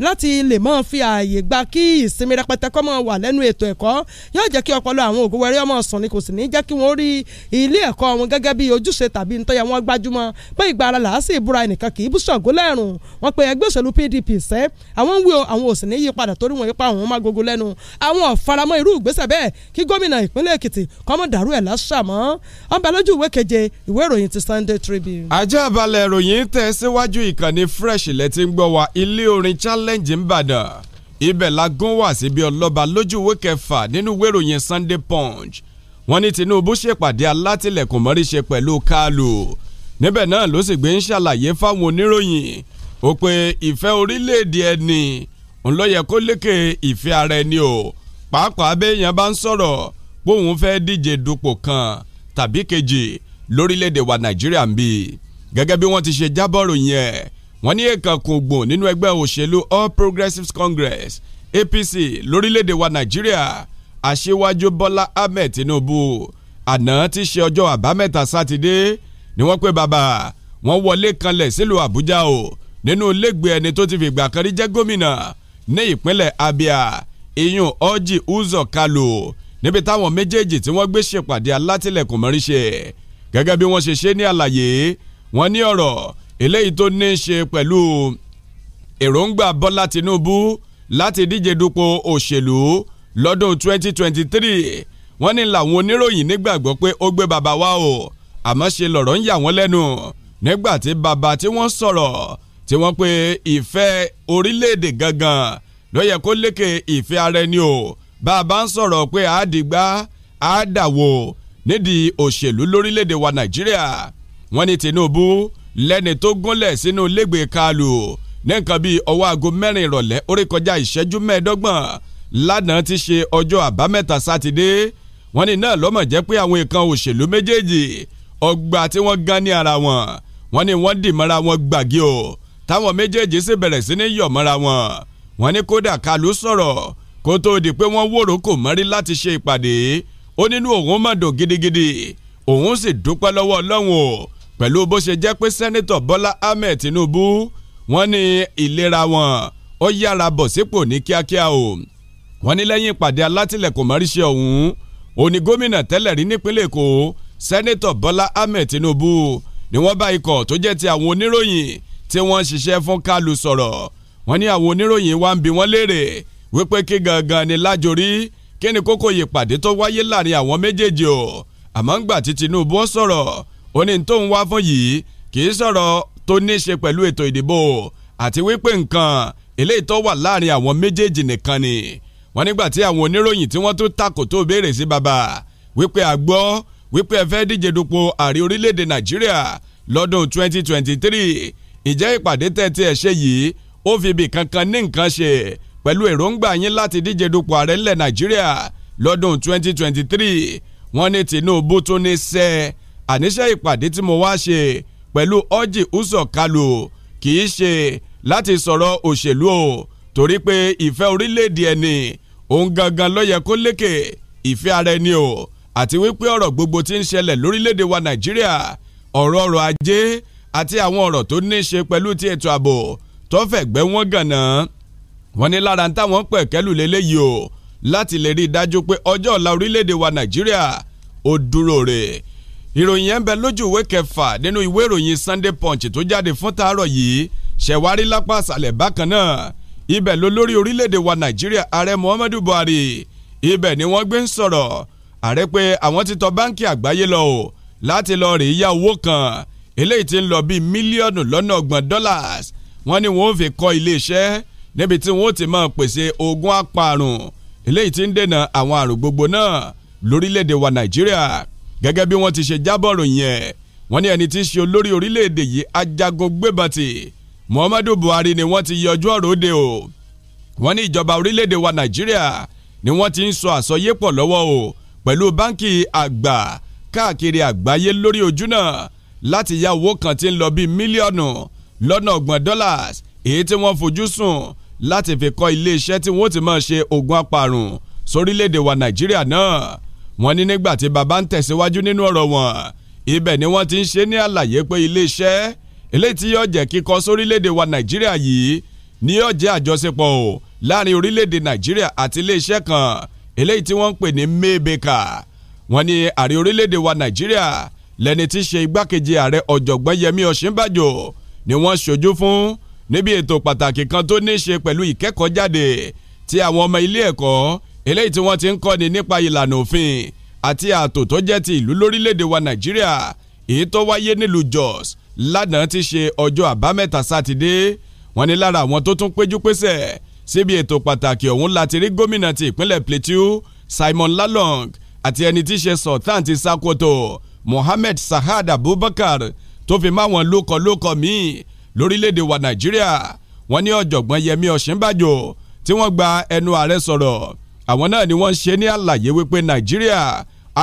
láti lè máa fi ààyè gba kí ìsinmi rẹpẹtẹ kọ́ máa wà lẹ́nu ètò ẹ̀kọ́ yóò jẹ́ kí ọpọlọ àwọn ògùnwẹ̀rẹ́ ọmọ sùn ni kò sì ní jẹ́ kí wọ́n rí ilé ẹ̀kọ́ wọn gẹ́gẹ́ bí ojúṣe tàbí ntọ́yà wọn gbájúmọ́ pé ìgbà làásì ìbúra ẹnìkan kì í bú ṣọ̀gó lẹ́rùn wọn pe ẹgbẹ́ òṣèlú pdp sẹ́ àwọn ń wí àwọn òsì ní yípadà torí wọn yípa àwọn máa gogo lẹ́nu àwọn ọ̀f faramọ́ irú ìgbésẹ̀ bẹ́ẹ̀ kí gómìnà ìpínlẹ̀ Èkìtì kọ́mọ̀ dàrú ẹ̀ lásàmọ́ ọ̀nbẹ ìwé keje ìwé ìròyìn ti Sunday Tribune. ajá balẹ̀ ìròyìn tẹ̀ síwájú ìkànnì fresh lẹ́tí ń gbọ́ wa ilé orin challenge ń bàdàn ibẹ̀ la gún wá síbi ọlọ́ba lójú ìwé kẹfà nínú ìwé ìròyìn Sunday Punch wọ́n ní Tinubu ṣèpàdé alátìlẹ̀kùn mọ́rí ṣe pẹ̀lú Kalu níbẹ̀ náà ló sì gbé ń ṣàlàyé fáwọn oníròyìn ó pé ìfẹ́ orílẹ̀-èdè ẹni ńlọ́yẹ kó lékè ìfẹ́ ara ẹni o pàápàá béèyàn bá ń sọ̀rọ̀ bóun fẹ́ díje dupò kan tàbí kejì lórílẹ̀‐èdè wa nàìjíríà ń bì gẹ́gẹ́ bí wọ́n ti ṣe jábọ̀ ròyìn ẹ̀ wọ́n ní èèkàn kò gbòòn nínú ẹgbẹ́ òṣèlú All Progressives Congress APC lórílẹ̀‐èdè wa nàìjíríà aṣíwájú Bọ́lá Ahmed Tinubu àná tí ṣe ọjọ́ àbámẹ́ta sátidé ni wọ́n pé bàbá wọ́n wọlé kanlẹ̀ sílùú Àbújá o nínú ilégbèé ẹni tó ti fìgbà kan rí jẹ́ gómìnà ní ìpínlẹ̀ Abia iyun Orji Uzor Kalu níbi táwọn méjèèjì tí wọ́n gbé ṣèpàdé alátìlẹ̀kùn mọ́rí ṣe gẹ́gẹ́ bí wọ́n ṣe ṣe ní àlàyé wọ́n ní ọ̀rọ̀ eléyìí tó ní í ṣe pẹ̀lú èròǹgbà Bọ́lá Tinubu láti díje dupò òṣèlú lọ́dún 2023 wọ́n ní làwọn oníròyìn nígbàgbọ́ pé ó gbé bàbá wa o àmọ́ ṣe lọ̀rọ̀ ń yà wọ́n lẹ́nu nígbà tí bàbá tí wọ́n sọ̀rọ̀ tí wọ́n pe ìfẹ́ orílẹ̀-èdè gangan ló yẹ kó lékè ìfẹ́ ara ẹni o bá a bá ń sọ̀rọ̀ pé àádìgbà àádàwò nídìí òṣèlú lórílẹ̀‐èdè wa nàìjíríà wọ́n ní Tinubu lẹ́ni tó gúnlẹ̀ sínú lẹ́gbẹ̀ẹ́ kálù ní nǹkan bíi ọwọ́ aago mẹ́rin ìrọ̀lẹ́ ó rékọjá ìṣẹ́jú mẹ́ẹ̀ẹ́dọ́gbọ̀n lánàá ti ṣe ọjọ́ àbámẹ́ta sátidé wọ́n ní náà lọ́mọ̀ jẹ́ pé àwọn ìkan òṣèlú méjèèjì ọgbà tí wọ́n gan ní ara wọn wọ́n ní wọ́n dì mọ́ra wọn gbàgì o táwọn méjèèjì sì bẹ̀rẹ̀ sí ní yọ̀ mọ́ra wọn wọ́n ní kódà Kalu sọ̀rọ̀ kó tó di pé wọ́n wòrò kò mọ́rí láti ṣe ìpàdé ó nínú òun má dùn gidigidi òun sì dúpẹ́ lọ́wọ́ Ọlọ́run o pẹ̀lú bó ṣe jẹ́ pé sẹ́nitọ̀ Bọ́lá Ahmed Tinubu wọ́n ní ìlera wọn ó yára bọ̀ sípò ní kíákíá o wọ́n ní lẹ́yìn ìpàdé alátìlẹ̀kùn mọ́ríṣẹ́ ọ̀hún òní gómìnà tẹ́lẹ̀ rí nípínlẹ̀ Èkó sẹ́nitọ̀ Bọ́lá Ahmed Tinubu ni wọ́n bá ikọ̀ tó jẹ́ ti àwọn oníròyìn tí wọ́n ṣiṣẹ́ fún Kálù sọ̀rọ̀ wọ́n ní àwọn oníròyìn wa ń bi wọ́n léèrè wípé kí gangan ni lájorí kí ni kókó ìpàdé tó wáyé láàrin àwọn méjèèjì o àmọ́ ńgbà tí Tinubu sọ̀rọ̀ ó ní tó ń wá fún yìí kì í sọ̀rọ̀ tó ní í ṣe pẹ̀lú ètò ìdìbò àti wípé nǹkan eléyìí tó wà láàrin àwọn méjèèjì nìkan ni wọ́n nígbà tí àwọn oníròyìn tí wọ́n tún takò tó béèrè sí bàbá wípé a wípé ẹ fẹ́ díje dupò ààrẹ orílẹ̀-èdè Nàìjíríà lọ́dún 2023 ìjẹ́ ìpàdé tẹ́tí ẹ̀ ṣe yìí ó fi ibì kankan ní nǹkan ṣe pẹ̀lú èròǹgbà yín láti díje dupò ààrẹ ńlẹ̀ nàìjíríà lọ́dún 2023 wọ́n ní tinubu tún ní sẹ́ àníṣe ìpàdé tí mo wá ṣe pẹ̀lú ọ́jì úsọ̀ kalu kì í ṣe láti sọ̀rọ̀ òṣèlú o torí pé ìfẹ́ orílẹ̀-èdè ẹni òun gangan ló yẹ kó lékè ìfẹ́ ara ẹni o àti wípé ọ̀rọ̀ gbogbo tí ń ṣẹlẹ̀ lórílẹ̀-èdè wa nàìjíríà ọ̀rọ̀ ọ̀rọ̀ ajé àti àwọn ọ̀rọ̀ tó ní ṣe pẹ̀lú ti ètò ààbò tọ́fẹ̀gbẹ́ wọn gànà wọn ní lára táwọn pẹ̀kẹ́lù lélẹ́yìí o láti lè rí i dájú pé ọjọ́ ọ̀la orílẹ̀-èdè wa nàìjíríà ó dúró rè ìròyìn ẹ̀ ń bẹ lójú ìwé kẹfà nínú ìwé ìròyìn Sunday Punch tó jáde fún tàárọ̀ yìí ṣẹ̀wárí lápá àṣàlẹ̀ bákan náà ibẹ̀ ló lórí orílẹ̀-èdè wa nàìjíríà ààrẹ muhammadu buhari ibẹ̀ ni wọ́n gbé ń sọ̀rọ̀ ààrẹ pé àwọn ti tọ báǹkì àgbáyé lọ o láti lọ rèé yá owó kan eléyìí ti ń lọ bíi mílíọ̀nù lọ́nà ọgbọ̀n dọ́làs wọ́n ní wọ́n fi kọ́ iléeṣẹ́ níbi tí wọ́n ti máa pèsè oògùn apààrùn eléyìí tí ń dènà àwọn àrùn gbogbo náà lórílẹ̀‐èdè wa nàìjíríà gẹ́gẹ́ bí wọ́n ti ṣe jábọ̀ ròyìn ẹ̀ wọ́n ní ẹni tí í ṣe olórí orílẹ̀‐èdè yìí ajagun gbébàtì muhammadu buhari ni wọ́n ti yọjú ọ̀rọ̀ òde o wọ́n ní ìjọba orílẹ̀‐èdè wa nàìjíríà ni wọ́n ti ń sọ àsọyépọ̀ lọ́wọ́ o pẹ̀lú báńkì àgbà káàkiri àgbáyé lórí ojú náà láti yá owó kan tí ń lọ bíi mílíọ̀nù lọ́nà ọgbọ̀n dollars èyí tí wọ́n fojú sùn láti fi kọ́ iléeṣẹ́ tí wọ́n ti máa ṣe oògùn apàrùn sórílẹ̀-èdè wa nàìjíríà náà wọ́n ní nígbà tí bàbá ń tẹ̀síwájú nínú ọ̀rọ̀ wọn ibẹ̀ ni wọ́n ti ń ṣe ní àlàyé pé iléeṣẹ́ eléyìí tí yóò jẹ́ kíkọ sórílẹ̀-èdè wa nàìjíríà yìí ni yóò jẹ́ àjọṣepọ̀ o láàrin orílẹ̀-èdè nàìjíríà àti iléeṣẹ́ kan eléyìí tí wọ́n ń pè ní maybeka wọ́n ní ààrẹ orílẹ̀-èdè wa nàìjíríà lẹ́ni tí ṣe igbákejì ààrẹ ọ̀jọ̀gbọ́n yẹmí ọ̀ṣínbàjò ni wọ́n ṣojú fún níbi ètò pàtàkì kan tó ní ṣe pẹ̀lú ìkẹ́kọ̀ọ́jáde tí àwọn ọmọ ilé ẹ̀kọ́ eléyìí tí wọ́n ti ń kọ́ni nípa ìlànà òfin àti ààtò tó jẹ́ ti ìlú lórílẹ̀‐èdè wa Nàìjíríà èyí tó wáyé nílùú Jos lánàá ti ṣe ọjọ́ àbámẹ́ta sátidé wọ́n ní lára àwọn tó tún péjú pésẹ̀ síbi ètò pàtàkì ọ̀hún láti rí gómìnà ti ìpínlẹ̀ Plateau Simon Lalong àti ẹni tí í ṣe Sultan ti Sakoto Mohammed Sahad Abubakar tó fi máwọn lókọlókọ míì lórílẹ̀‐èdè wa nàìjíríà wọ́n ní ọ̀jọ̀gbọ́n yẹmi ọ̀ṣínbàjò tí wọ́n gba ẹnu ààrẹ sọ̀rọ̀ àwọn náà ni wọ́n ṣe ní àlàyé wípé nàìjíríà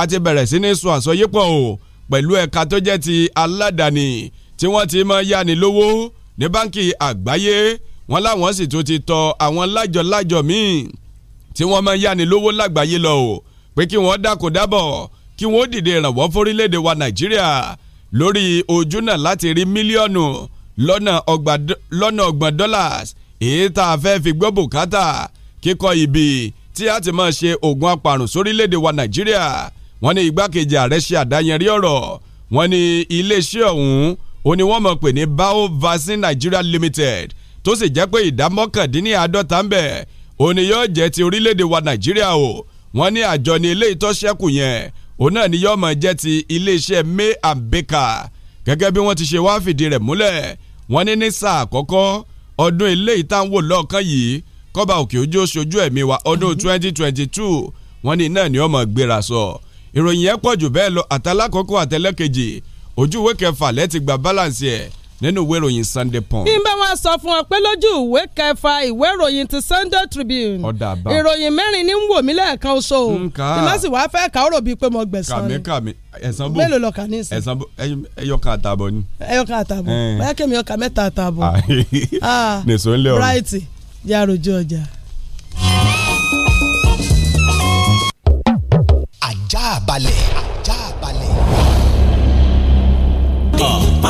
a ti bẹ̀rẹ̀ sí ní sọ àsọyépọ̀ o pẹ̀lú ẹ̀ka tó jẹ́ ti aládàáni tí wọ́n ti máa yáni lówó ní báńkì àgbáyé wọ́n láwọn sì tún ti tọ àwọn lájọlájọ míì tí wọ́n máa yáni lówó lágbàáyé lọ o pé kí wọ́n dákò kí wọ́n dìde ìrànwọ́ fórílẹ̀-èdè wa nàìjíríà lórí ojú náà láti rí mílíọ̀nù lọ́nà ọgbọ̀n dollars èyí tá a fẹ́ fi gbọ́ bùkátà kíkọ́ ibi tí a ti máa ṣe oògùn apàrùn sórílẹ̀‐èdè wa nàìjíríà wọ́n ní igbákejì ààrẹ ṣe àdáyẹnrí ọ̀rọ̀ wọ́n ní iléeṣẹ́ ọ̀hún ó ní wọ́n mọ̀ pé ní Bao Vaccine Nigeria Limited tó sì jẹ́ pé ìdá mọ́kàndínláàádọ́ta ń bẹ̀ ó ní yóò jẹ́ ti orílẹ̀‐èdè wa nàìjíríà o wọ́n ní àjọ ní ilé ìtọ́sẹ́kù yẹn òun náà ni yọ́ọ̀mọ̀ jẹ́ ti iléeṣẹ́ May and Baker gẹ́gẹ́ bí wọ́n ti ṣe wá fìdí rẹ̀ múlẹ̀ wọ́n ní ní sáà àkọ́kọ́ ọdún eléyìí tá à ń wò lọ́ọ̀kan yìí kọ́ba òkè ojú oṣojú ẹ̀mí wa ọdún mhm. twenty twenty two wọ́n ní náà ni ọmọ gbéra sọ ìròyìn yẹn pọ̀ jù bẹ́ẹ̀ lọ àtàlákọ́kọ́ àtẹlẹ́kejì ojú ìwé kẹfà lẹ́ti gba balance ẹ̀ nínú ìwé ìròyìn Sunday Punch. bí n bá wọn sọ fún ọ pé lójú ìwé kẹfà ìwé ìròyìn ti Sunday Tribune ìròyìn mẹ́rin ní ń wò mí lẹ́ẹ̀kan oṣù o ìmọ̀sí wàá fẹ́ kà ó rò bíi pé mo gbẹ̀san ni kàmí ẹ̀sán bò mélòó lọ ní ìsìn ẹ̀sán bò ẹyọkan àtààbọ̀ ni. ẹyọkan àtààbọ̀ báyà kẹ́mi ọkà mẹ́ta àtààbọ̀ ah, nìṣó ń lé ọ̀rọ̀ bright yàrá ojú ọjà. ajá balẹ̀.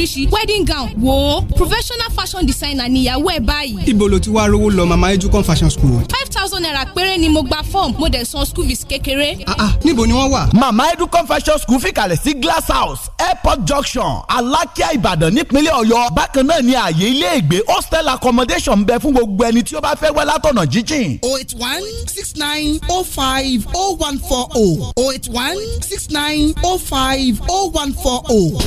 lóríṣiríṣi wedding gown wò professional fashion designer níyàwó ẹ̀ báyìí. ibo ló ti wá rówó lọ mama educon fashion school. five thousand naira péré ni mo gba form mo dẹ̀ san school fees kékeré. ah ah níbo ni wọ́n wà. mama educon fashion school fìkàlẹ̀ sí glass house airport junction alákíá ìbàdàn nípínlẹ̀ ọ̀yọ́ bákan náà ni ààyè ilé ìgbé hostel accommodation ń bẹ fún gbogbo ẹni tí ó bá fẹ́ wẹ́ látọ̀nà jíjìn. o eight one six nine oh five oh one four oh. Oh eight one six nine oh five oh one four oh.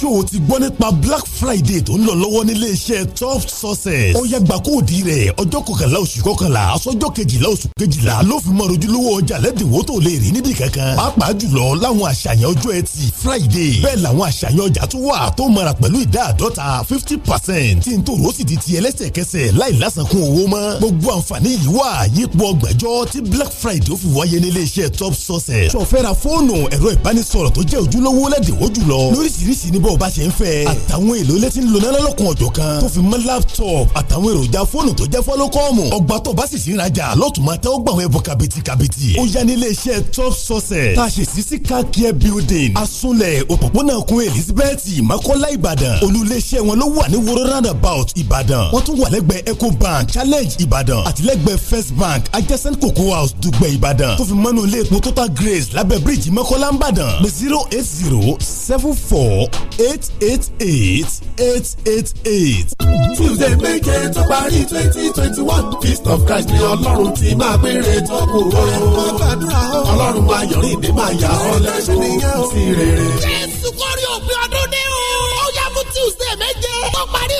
ṣó ti gbọ́ nípa black friday tó ń lọ lọ́wọ́ nílé iṣẹ́ top success. ó yàgbà kó di rẹ̀ ọjọ́ kọkànlá oṣù kọkànlá aṣọ́jọ́ kejìlá oṣù kejìlá ló fi mọ ojúlówó ọjà lẹ́dínwó tó lè rí níbi kankan. pàápàá jùlọ láwọn àṣàyàn ọjọ́ ẹtì friday bẹ́ẹ̀ làwọn àṣàyàn ọjà tó wà tó mara pẹ̀lú ìdá àdọ́ta fifty percent tí n tó rò sì di ti ẹlẹ́sẹ̀kẹsẹ̀ láì lásàkún owó mọ́. gbogbo àǹfààní yìí wà yípo ọgbẹ̀jọ́ black friday ó fi wáyé nílé top success. sọ̀fẹ́ra fóònù ẹ̀rọ ìbánisọ̀rọ̀ tó jẹ́ ojúlówó lẹ́dínwó jùlọ lóríṣiríṣi ní bọ́ọ̀ bá ṣe ṣe ń fẹ́. àtàwọn èlò ilé tí ń lona lọ́lọ́kun ọ̀jọ̀ kan tó fi mọ́ laptop àtàwọn èròjà fóònù tó jẹ́ fọ́lọ́kọ́ọ̀mù ọgbà tó bá sì sí ìrajà lọ́tùmọ̀ àtẹ́wọ́ gbà wọn ẹ̀bùn kàbìtì kàbìtì. ó yá ní iléeṣẹ́ top sources tá a ṣe sí sí car care building asunlẹ̀ òpópónà kun elizabeth makola ìbàdàn olùléeṣẹ́ wọn ló wà ní woro roundabout ìbàdàn wọ́n tún wà lẹ́gbẹ̀ẹ́ eco bank challenge ìbàdàn àtìlẹ́gbẹ̀ẹ́ cocoa house dùgbẹ̀ ìbàdàn tó fi mọ́nú ilé grace lábẹ́ bíríìjì makola ìbàdàn pé zero eight zero seven four eight eight eight eight eight eight. tuesday méje tó parí twenty twenty one feast of christ ni ọlọ́run ti máa gbére tó kù o. ọlọ́run máa yọrí ìdí máa yà ọ́ lẹ́nu sí rere. jésù kọ́rí òpin ọdún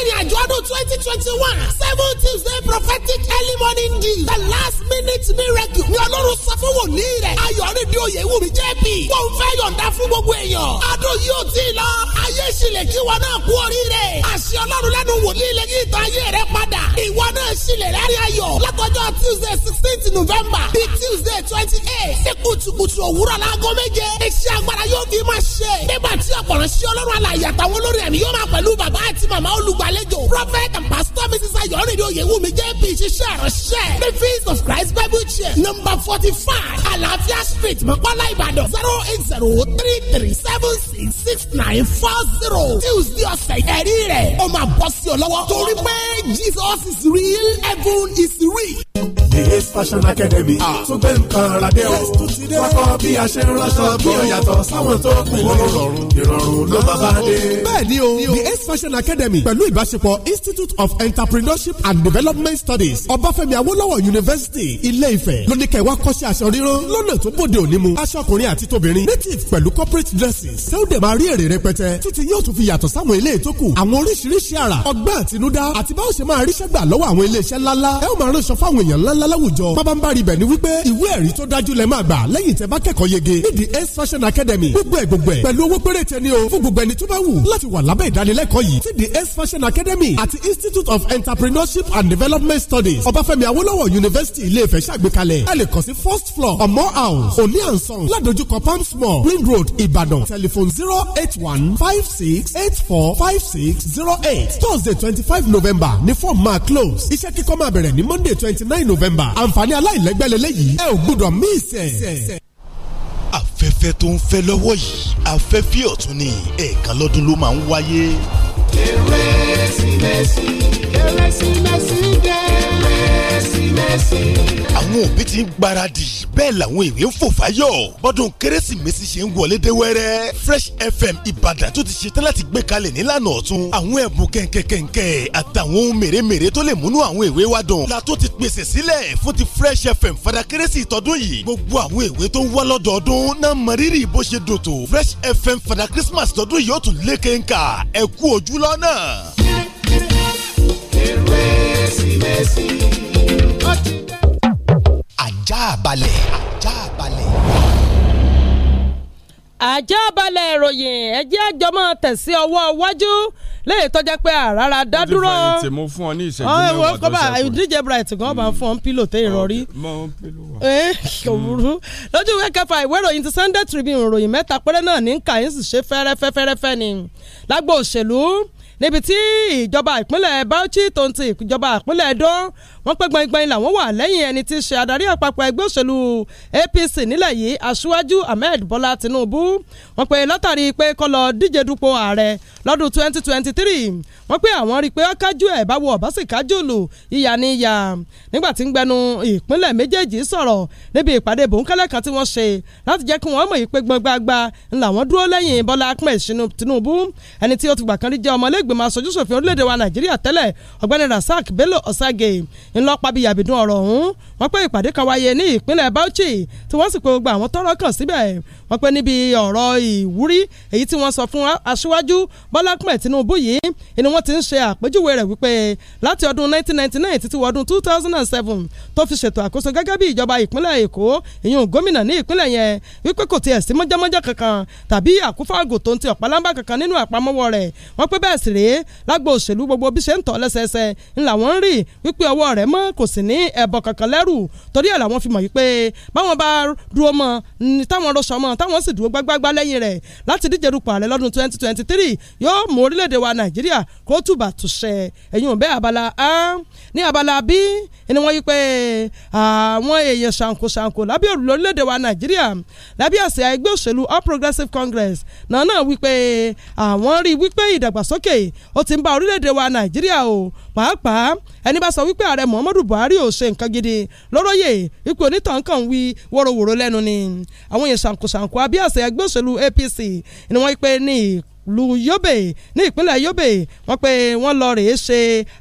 ìrìn àjò ọdún twenty twenty one seven tuesday prophetic early morning deal the last minute miracle ni ọlọ́run sọ fún wòlíì rẹ̀ ayọ̀rìndí oyèwùmí jp kò ń fẹ́ yọ̀ǹda fún gbogbo èèyàn adùn yóò tí ì lọ ayé ìṣìlẹ̀ kí wọn náà kú oríire àṣì ọlọ́run lẹ́nu wòlíì lẹ́yìn ìtàn ayé rẹ̀ padà ìwọ náà sílẹ̀ lárí ayọ̀ látọjọ́ tuesday sixteenth november bíi tuesday twenty eight ṣe kùtùkùtù òwúrọ̀ láago méje iṣẹ́ agbára yóò fi máa ṣe nígbà tí ọ̀pọ̀rọ̀ sí ọlọ́run alàyè àtàwọn olórí ẹ̀mí yóò máa pẹ̀lú bàbá àti màmá olùgbàlejò prophet and pastor mrs ayọ̀rìndé oyèwùmí jp ṣiṣẹ́ ìránṣẹ́ the feast of christ bible church number forty five àlàáfíà street mọ́kànlá ìbàdàn zero eight zero three three seven six six nine four zero tuesday ọ̀sẹ̀ ẹ̀rí rẹ̀ ó máa bọ́ sí torí pé jesus is real, heaven is real. the ace fashion academy ah. tún gbé nǹkan ara dé o wákọ bí a ṣe ń rọṣọ bí ó yàtọ̀ sáwọn tó kù ìrọ̀rùn ìrọ̀rùn ló bá bá dé. bẹ́ẹ̀ni o the ace fashion academy pẹ̀lú ìbáṣepọ̀ institute of entrepreneurship and development studies ọbáfẹ́mi Awolowo university ilé-ifẹ̀ lóní kẹwàá kọ́ṣẹ́ aṣọ ríran lọ́nà tó bòde òní mu aṣọ ọkùnrin àti tóbìnrin native pẹ̀lú corporate dresses ṣé ó dẹ̀ máa rí èrè rẹpẹtẹ títí yóò tún fi yàtọ̀ sáwọn ilé ìtókù àwọn oríṣiríṣi àrà ọgbẹ́ àtinúdá àti báwo ṣe máa ríṣẹ́ gbà lọ́wọ́ àwọn ilé iṣẹ́ ńláńlá ẹ ó máa ránṣọ fáwọn èèyàn ńláńl ńlá láwùjọ pábánbárì bẹ̀ ni wípé ìwé ẹ̀rí tó dájú lẹ́ máa gbà lẹ́yìn tẹ́ bá kẹ́kọ̀ọ́ yege nídìí ace fashion academy gbogbo ẹ̀ gbogbo ẹ̀ pẹ̀lú owó péréte ni o fún gbogbo ẹni tó bá wù láti wà lábẹ́ ìdánilẹ́kọ̀ọ́ yìí ti the ace fashion academy àti institute of entrepreneurship and development studies ọbáfẹ́mi Awolowo university ilé-ifẹ̀ ṣàgbékalẹ̀ ẹ lè kàn sí first floor omo house oni and sons ládojúkọ palms mall green road ìbàdàn telephone zero eight one five six eight four five six zero eight thursday twenty five november ní form máa close iṣẹ́ kíkọ́ máa bẹ̀rẹ̀ ní monday twenty nine november december àǹfààní aláìlẹ́gbẹ́ lélẹ́yìí ẹ ò gbọ́dọ̀ míss afẹ́fẹ́ tó ń fẹ́ lọ́wọ́ yìí afẹ́fẹ́ ọ̀tun ni ẹ̀ẹ̀kan lọ́dún ló máa ń wáyé. kérésìmesì kérésìmesì kérésì. àwọn òbí ti ń gbáradì bẹ́ẹ̀ làwọn èwe ń fò fáyọ̀ bọ́dún kérésìmesì ṣe ń wọlé dé wẹ́rẹ́ fresh fm ìbàdàn tó ti ṣetán láti gbé kalẹ̀ nílànà ọ̀tun àwọn ẹ̀bùn kẹ̀kẹ̀kẹ̀kẹ̀ àtàwọn ohun mèremère tó lè múnú àwọn èwe wa dùn la tó ti pèsè sílẹ̀ fún ti fresh fm fada kérésì tọdún yìí gbogbo àwọn èwe tó ń wá lọ́dọọdún náà mọ rírì bó ṣe dòtò fresh fm fada christmas tọdún yìí ó tún lé kéńkà ẹ kú kérésìmesì wọ́n ti dẹ́. ajá balẹ̀ ajá balẹ̀. ajá balẹ̀ ìròyìn ẹjẹ́ àjọmọ́ tẹ̀sí ọwọ́ iwájú lẹ́yìn tó jẹ́ pé àràrà dádúró. ó ti fàyè tè mo fún ọ ní ìṣẹ́jú ah, mẹ́wàá tó sẹ́kù. kọ́ba DJ Bright kan bá fún ọ pílò tẹ ìrọ̀rí. òwúrú lójú ìwé kẹfà ìwé ìròyìn ti Sunday Tribune ìròyìn mẹ́ta péré náà ní kàyínsì ṣe fẹ́rẹ́fẹ́fẹ́rẹ́fẹ́ ni lágbo òṣèlú níbi tí ìjọba ìpínlẹ̀ Bauchi tó ń ti ìjọba ìpínlẹ̀ Edo wọ́n pẹ́ gbọ̀ngbọ̀n làwọn wà lẹ́yìn ẹni tí ṣe adarí àpapọ̀ ẹgbẹ́ òṣèlú APC nílẹ̀ yìí aṣíwájú Ahmed Bọ́lá Tinubu wọ́n pé látàrí pé kó lọ díje dupò ààrẹ lọ́dún 2023 wọ́n pé àwọn rí i pé ó kájú ẹ̀ báwo ọ̀bá sì kájú lù ìyá ni ìyá nígbà tí ń gbẹnu ìpínlẹ̀ méjèèjì sọ̀rọ̀ níbi ìpàdé bòńkẹ́lẹ́ kan tí wọ́n ṣe láti jẹ́ kí wọ́n mọ̀ yìí pé gbọ̀ngbàgbà làwọn dúró lẹ́yìn Bọ́lá Ahmed ìgbìmọ̀ aṣojúṣòfin orílẹ̀-èdè wa nàìjíríà tẹ́lẹ̀ ọ̀gbẹ́ni rasaq bello ọ̀sàgè ńlọ́pàbí yàbídún ọ̀rọ̀ ọ̀hún wọ́n pé ìpàdé kan wáyé ní ìpínlẹ̀ Bauchi tí wọ́n sì pé gbogbo àwọn tọ́rọ̀ kàn síbẹ̀ wọ́n pé níbi ọ̀rọ̀ ìwúrí èyí tí wọ́n sọ fún aṣíwájú Bọ́lá Ahmed Tinubu yìí ni wọ́n ti ń ṣe àpèjúwe rẹ̀ wípé láti ọdún 1999 títí wọ ọdún 2007 tó fi ṣètò àkóso gẹ́gẹ́ bí ìjọba ìpínlẹ̀ Èkó ìyún gómìnà ní ìpínlẹ̀ yẹn wípé kò tiẹ̀ sí mọ́jàmọ́jà kankan tàbí àkúfàgò tó ń ti ọ̀pálámbà kankan nínú àpamọ́wọ́ rẹ̀ wọ́n pé bẹ́ẹ̀ sì rèé lágbo òṣèlú gbogbo bí ṣe ń tọ́ lẹ́sẹẹsẹ ńlá wọ́n ń rí wípé ọwọ́ rẹ̀ mọ́ kò sì ní ẹbọ kankan lẹ́rù sùúrù torí ẹ̀ làwọn fi mọ̀ yìí pé báwọn bá dúró mọ́ táwọn rọṣọ mọ́ táwọn sì dúró gbágbágbá lẹ́yìn rẹ̀ láti díje dupò ààrẹ lọ́dún 2023 yóò mú orílẹ̀-èdè wa Nàìjíríà kó tùbà tùṣẹ ẹ̀yìn òbẹ́ abala a ní abala b ni wọ́n yí pé àwọn èèyàn ṣàǹkóṣàǹkó lábẹ́ òrùlé orílẹ̀-èdè wa Nàìjíríà lábẹ́ àsíá ẹgbẹ́ òṣèlú All Progressive Congress náà náà wípé àwọn rí wípé ìdàgbàsókè ó ti ń bá orílẹ̀-èdè wa Nàìjíríà o pàápàá ẹni bá sọ wípé ààrẹ Muhammadu Buhari ò ṣe nǹkan gidi lọ́rọ́yè ipò onítàn kàn wí wọ́rọ̀wọ́rọ̀ lẹ́nu ni àwọn yẹn ṣàǹkóṣàǹkó abíàṣẹ ẹgbẹ́ òṣèlú APC ni wọ́n pe ní lu Yobe ní ìpínlẹ̀ Yobe wọ́n pe wọ́n lọ rèé ṣe